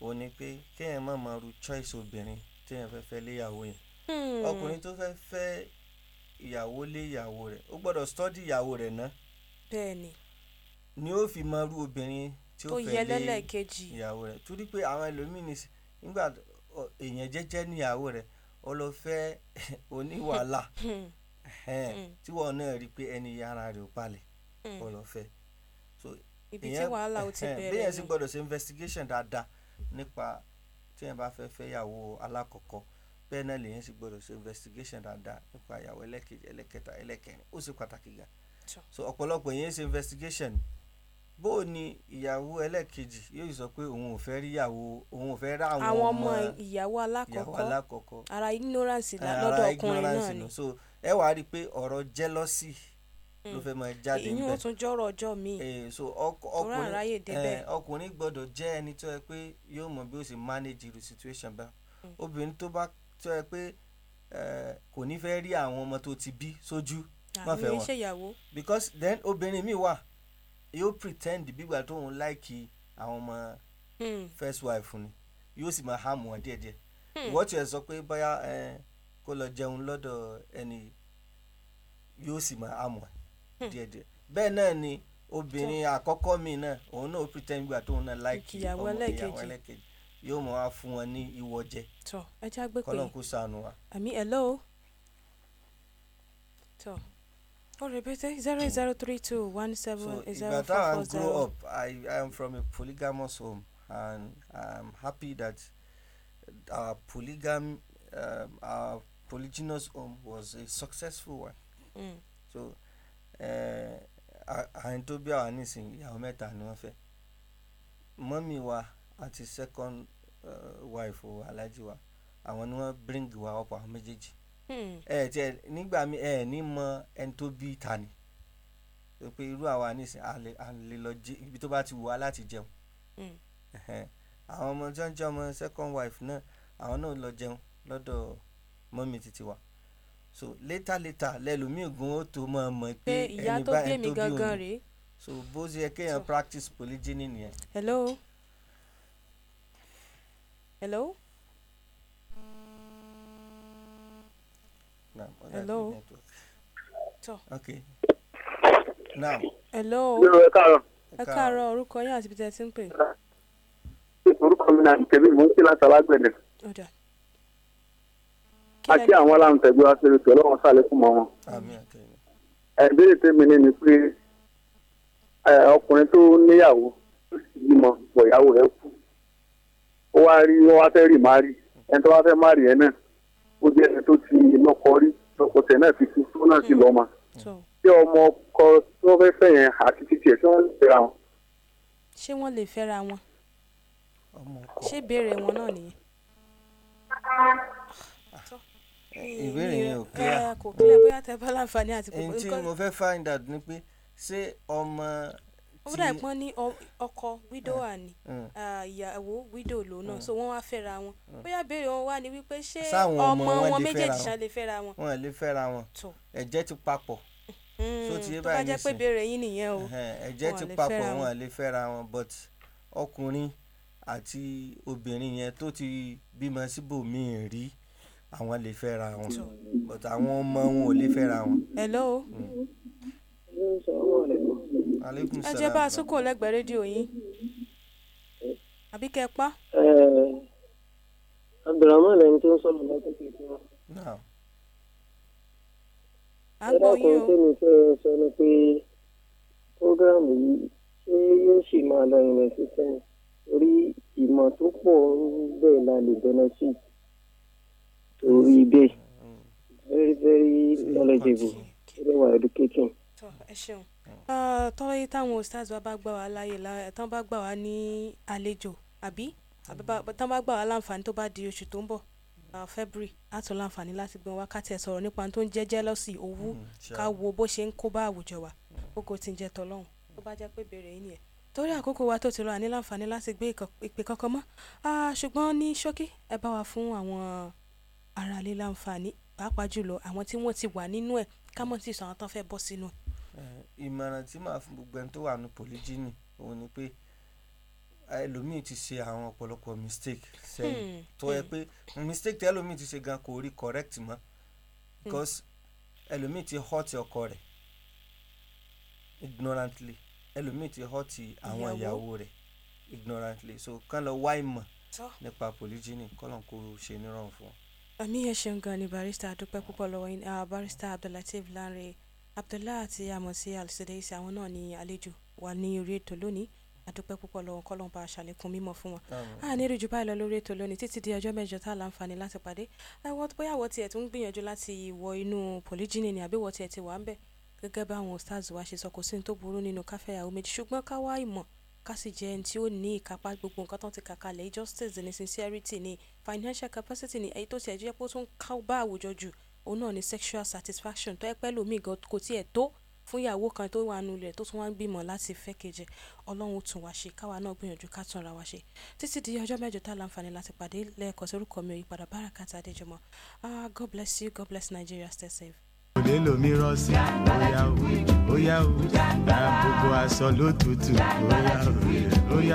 ò ní pé kéèyàn má máa ru choice obìnrin téèyàn fẹ́ fẹ́ léyàwó yẹn hmm. ọkùnrin tó fẹ́ fẹ́ ìyàwó léyàwó rẹ̀ ó gbọ́dọ̀ study ìyàwó rẹ̀ ná. bẹ́ẹ̀ni. ni ó fi máa ru obìnrin tí ó fẹ́ lé ìyàwó rẹ̀ torí pé àwọn ẹlòmíín ní nígbà èèyàn jẹ́jẹ́ níyàwó rẹ̀ ó *laughs* oníwàhálà hmm. Mm. tí wọn náà rí i pé ẹni ara rẹ̀ ò balẹ̀ ó mm. lọ fẹ́ so ìyẹn bẹ́ẹ̀ sì gbọ́dọ̀ ṣe investigation dáadáa nípa tí yẹn bá fẹ́ fẹ́ yàwó alákọ̀ọ́kọ́ bẹ́ẹ̀ náà lèyẹn sì gbọ́dọ̀ ṣe investigation dáadáa nípa ìyàwó ẹlẹ́kejì ẹlẹ́kẹta ẹlẹ́kẹrin ó sì pàtàkì gan so ọ̀pọ̀lọpọ̀ yẹn ṣe investigation bó ni ìyàwó ẹlẹ́kejì yóò sọ pé òun ò fẹ́ rí ìyàwó òun ò fẹ́ rá àwọn ọmọ ìyàwó alákọ̀ọ́kọ́ ara ignorance lọ́dọ̀ ọkùnrin náà ni so ẹ wàá rí i pé ọ̀rọ̀ jẹ́lọ́sì ló hmm. fẹ́ máa jáde níbẹ̀ ìyún tún jọ̀rọ̀ ọjọ́ mi so, ọkùnrin gbọ́dọ̀ jẹ́ ẹni tó yẹ pé yóò mọ bí ó sì manage irú situation bá hmm. obìnrin tó bá tó yẹ pé kò ní fẹ́ rí àwọn ọmọ tó ti bí sójú má fẹ́ wọn because then obìnrin mi wà yóò pretend bígbà tó ń láìkì àwọn ọmọ hmm. first wife ni yóò sì máa hàmù wọn díẹ̀díẹ̀ ìwọ́n ti ẹ̀ sọ pé báyà ẹ̀ kó lọ jẹun lọ́dọ̀ ẹni yóò sì máa amọ̀ hmm. díẹ̀díẹ̀ bẹ́ẹ̀ náà ni obìnrin àkọ́kọ́ mi náà òun náà ó pretend gbà tóun náà láìkì ọmọ ìyàwó ẹlẹ́kejì yóò mọ̀ wá fún wọn ní ìwọ jẹ kọ́lọ́n kó sànù wa. àmì hello tọ́ ó rẹpẹtẹ zero zero three two one seven zero four four zero. so ìgbà táwọn grow up I, I am from a polygamous home and I am happy that uh, our polygam um, our polygynous home was a successful one. Mm. so àwọn eh, tó bí àwa nísìnyí ìyàwó mẹ́ta ni wọ́n fẹ́ mọ́mì wa àti second uh, wife wa alájí wa àwọn ni wọ́n bring wa ọ̀pọ̀ àwọn méjèèjì hmm. ẹ ẹ tiẹ̀ nígbà mi ẹ ní mọ ẹni tó bí ta ni pé irú àwa nísìnyí à lọ jẹ ibi tó bá ti wù wá láti jẹun hmm. àwọn ọmọ tí wọ́n jẹ́ ọmọ second wife náà àwọn náà lọ jẹun lọ́dọ̀ mọ́mí títí wa so later later lẹ́lòmíì gan ó tó mọ̀ mọ̀ pé ẹni bá ẹni tó bí òun so bó ṣe yẹ kéèyàn practice polygyny nìyẹn. hello hello. hello. Okay. Naam. Hello. Ẹ káàárọ̀. orúkọ yín àti ibi tí ẹ ti ń pè. Orúkọ mi náà Kẹ́mi, mò ń ṣe láti alágbẹ̀dẹ àti àwọn aláǹtẹ̀gbẹ́ wa ṣeré tó lọ́wọ́ sálẹ́kùn mọ́ wọn. ẹ̀ẹ́dẹ́rẹ́ tèmi ni ni pé ọkùnrin tó níyàwó tó sì bímọ bọ̀ ìyàwó rẹ̀ kú ó wá rí ó wá fẹ́ rì má rí ẹni tó wá fẹ́ má rí ẹ náà ó jẹ́ ẹni tó ti lọ́kọ rí lọ́kọ tẹ̀ náà ti kú tó náà ti lọ́ọ́ ma tí ọmọ ọkọ tí wọ́n fẹ́ fẹ́ yẹn àti títí ẹ̀ tí wọ́n lè fẹ́ra wọn. ṣé wọ́n lè fẹ́ra ìbéèrè yẹn ò clear kò clear bóyá tẹ bá láǹfààní àti kòkòrò. ntí mo fẹ́ find out ni pé ṣé ọmọ ó dà pọ́n ní ọkọ wídòwà ah, ah. ni ìyàwó wídò lòun náà ah. so wọ́n wá fẹ́ra wọn bóyá béèrè wọn wá ni wípé ṣé ọmọ wọn méjèèjì ṣá lè fẹ́ra wọn. wọn lè fẹ́ra wọn ẹ̀jẹ̀ ti papọ̀ hmm, so ti yé báyìí nísìnyí tó bá jẹ́ pé béèrè yín nìyẹn o ẹ̀jẹ̀ ti papọ̀ wọn lè fẹ́ra wọn but ọkùnrin àti obìnrin yẹn tó ti bímọ síbòmíì rí àwọn lè fẹ́ra wọn but àwọn ọmọ wọn ò lè fẹ́ra wọn. hello. aleykum salaam. ẹ jẹ́ bá a sókò lẹ́gbẹ̀ẹ́ rédíò yín àbí kẹ́ ẹ pa. Eh, abdulrahman lẹni tó ń sọ̀rọ̀ lọ́kùnrin kìkìkì wọn. a gbọ́ yín o. ẹ̀rọ kan tẹ́mi fẹ́ sọ ni pé prógráàmù yìí ṣé yóò ṣì máa lọ ìrìn sísẹ́yìn torí ìmọ̀ tó pọ̀ ń bẹ̀ la lè benefit torí bẹ́ẹ̀ mm. very very knowledgeable very well educated. ẹ ṣeun tọ́lá yìí táwọn ostars wa bá gbà wá láàyè tán bá gbà wá ní àlejò àbí tán bá gbà wá láǹfààní tó bá di oṣù tó ń bọ̀ february àtún láǹfààní láti gbọ́n wákàtí ẹ̀ sọ̀rọ̀ nípa tó ń jẹ́ jẹ́lọ́sì owú mm, ká wo bó ṣe ń kó bá àwùjọ wa gbogbo ti ń jẹ́ tọ́lọ́hún tó bá jẹ́ pé béèrè yín nìyẹn torí àkókò wa tó ti lọ àní láǹfààní láti gbé ìpè kankan mọ́ ah, ṣùgbọ́n ní ṣókí ẹ bá wa fún àwọn ara lé láǹfààní pàápàá jùlọ àwọn tí wọ́n ti wà nínú ẹ̀ ká mọ̀ sí sọ àwọn tó fẹ́ bọ́ sínú. ìmọ̀ràn tí màá fún gbogbo ẹni tó wà ní polygyny òun ni pé ẹlòmíì ti ṣe àwọn ọ̀pọ̀lọpọ̀ mistake sẹ́yìn hmm, tó yẹ hmm. pé mistake tí ẹlòmíì ti ṣe gan kò rí correct mọ́ hmm. because ẹlòmíì ti hurt ọkọ rẹ̀ ignorantly ẹlòmíì ti hurt àwọn ìyàwó rẹ̀ ignorantly so kán lọ wá ìmọ̀ nípa polygyny kọ́lọ́n kó ṣe nírọ̀rùn fún wọn. Àmí ẹ ṣeun gan ni barrister, a dúpẹ́ púpọ̀ lọ́wọ́ yín. Ah, barrister Lanre Abdullah tí a mọ̀ sí Al-Sudaisi, àwọn náà ni àlejò wa ní orí ètò lónìí. A dúpẹ́ púpọ̀ lọ́wọ́ kọ́ lọ́n bá aṣàlékún mímọ́ fún wọn. A ní rí ju báyìí lọ lórí ètò lónìí títí di ọjọ́ mẹ́jọ tá a láǹfààní láti pàdé. Àwọn ah, bóyá wọ́n tiẹ̀ tún ń gbìyànjú láti wọ inú polygyny ni àbí wọ́n tiẹ̀ ti wà ń bẹ̀. Gẹ́gẹ́ bí àwọn ustaz wa ṣe sọ, kò sí ní tó burú nínú káfẹ́yàwó méjì ṣùgbọ́n ká wá ìmọ̀ ká sì jẹ́ ẹni tí ó ní ìkápá gbogbo nǹkan tó ti kà kalẹ̀ justice ni sincerity ni financial capacity ni èyí tó ti ẹ̀jẹ̀ pé ó tún ká bá àwùjọ jù òun náà ni sexual satisfaction tó ẹ pẹ́ lómi gan kò tiẹ̀ tó fún ìyàwó kan tó wà nù rẹ̀ tó tún wá ń gbìmọ̀ láti fẹ́ kejì ọlọ́run tún wá ṣe káwa náà gbìyànjú ká tún ra wá ṣe títí di ọjọ́ mẹ́jọ tá láǹfààní láti pàdé lẹ́ẹ̀kan sórúkọ mi òyìnpadà Bárakàtà Adéjọmọ́ ah God bless you God bless Nigeria stay safe lélomi rọ sí óyá o óyá o ra gbogbo aṣọ lótútù óyá o.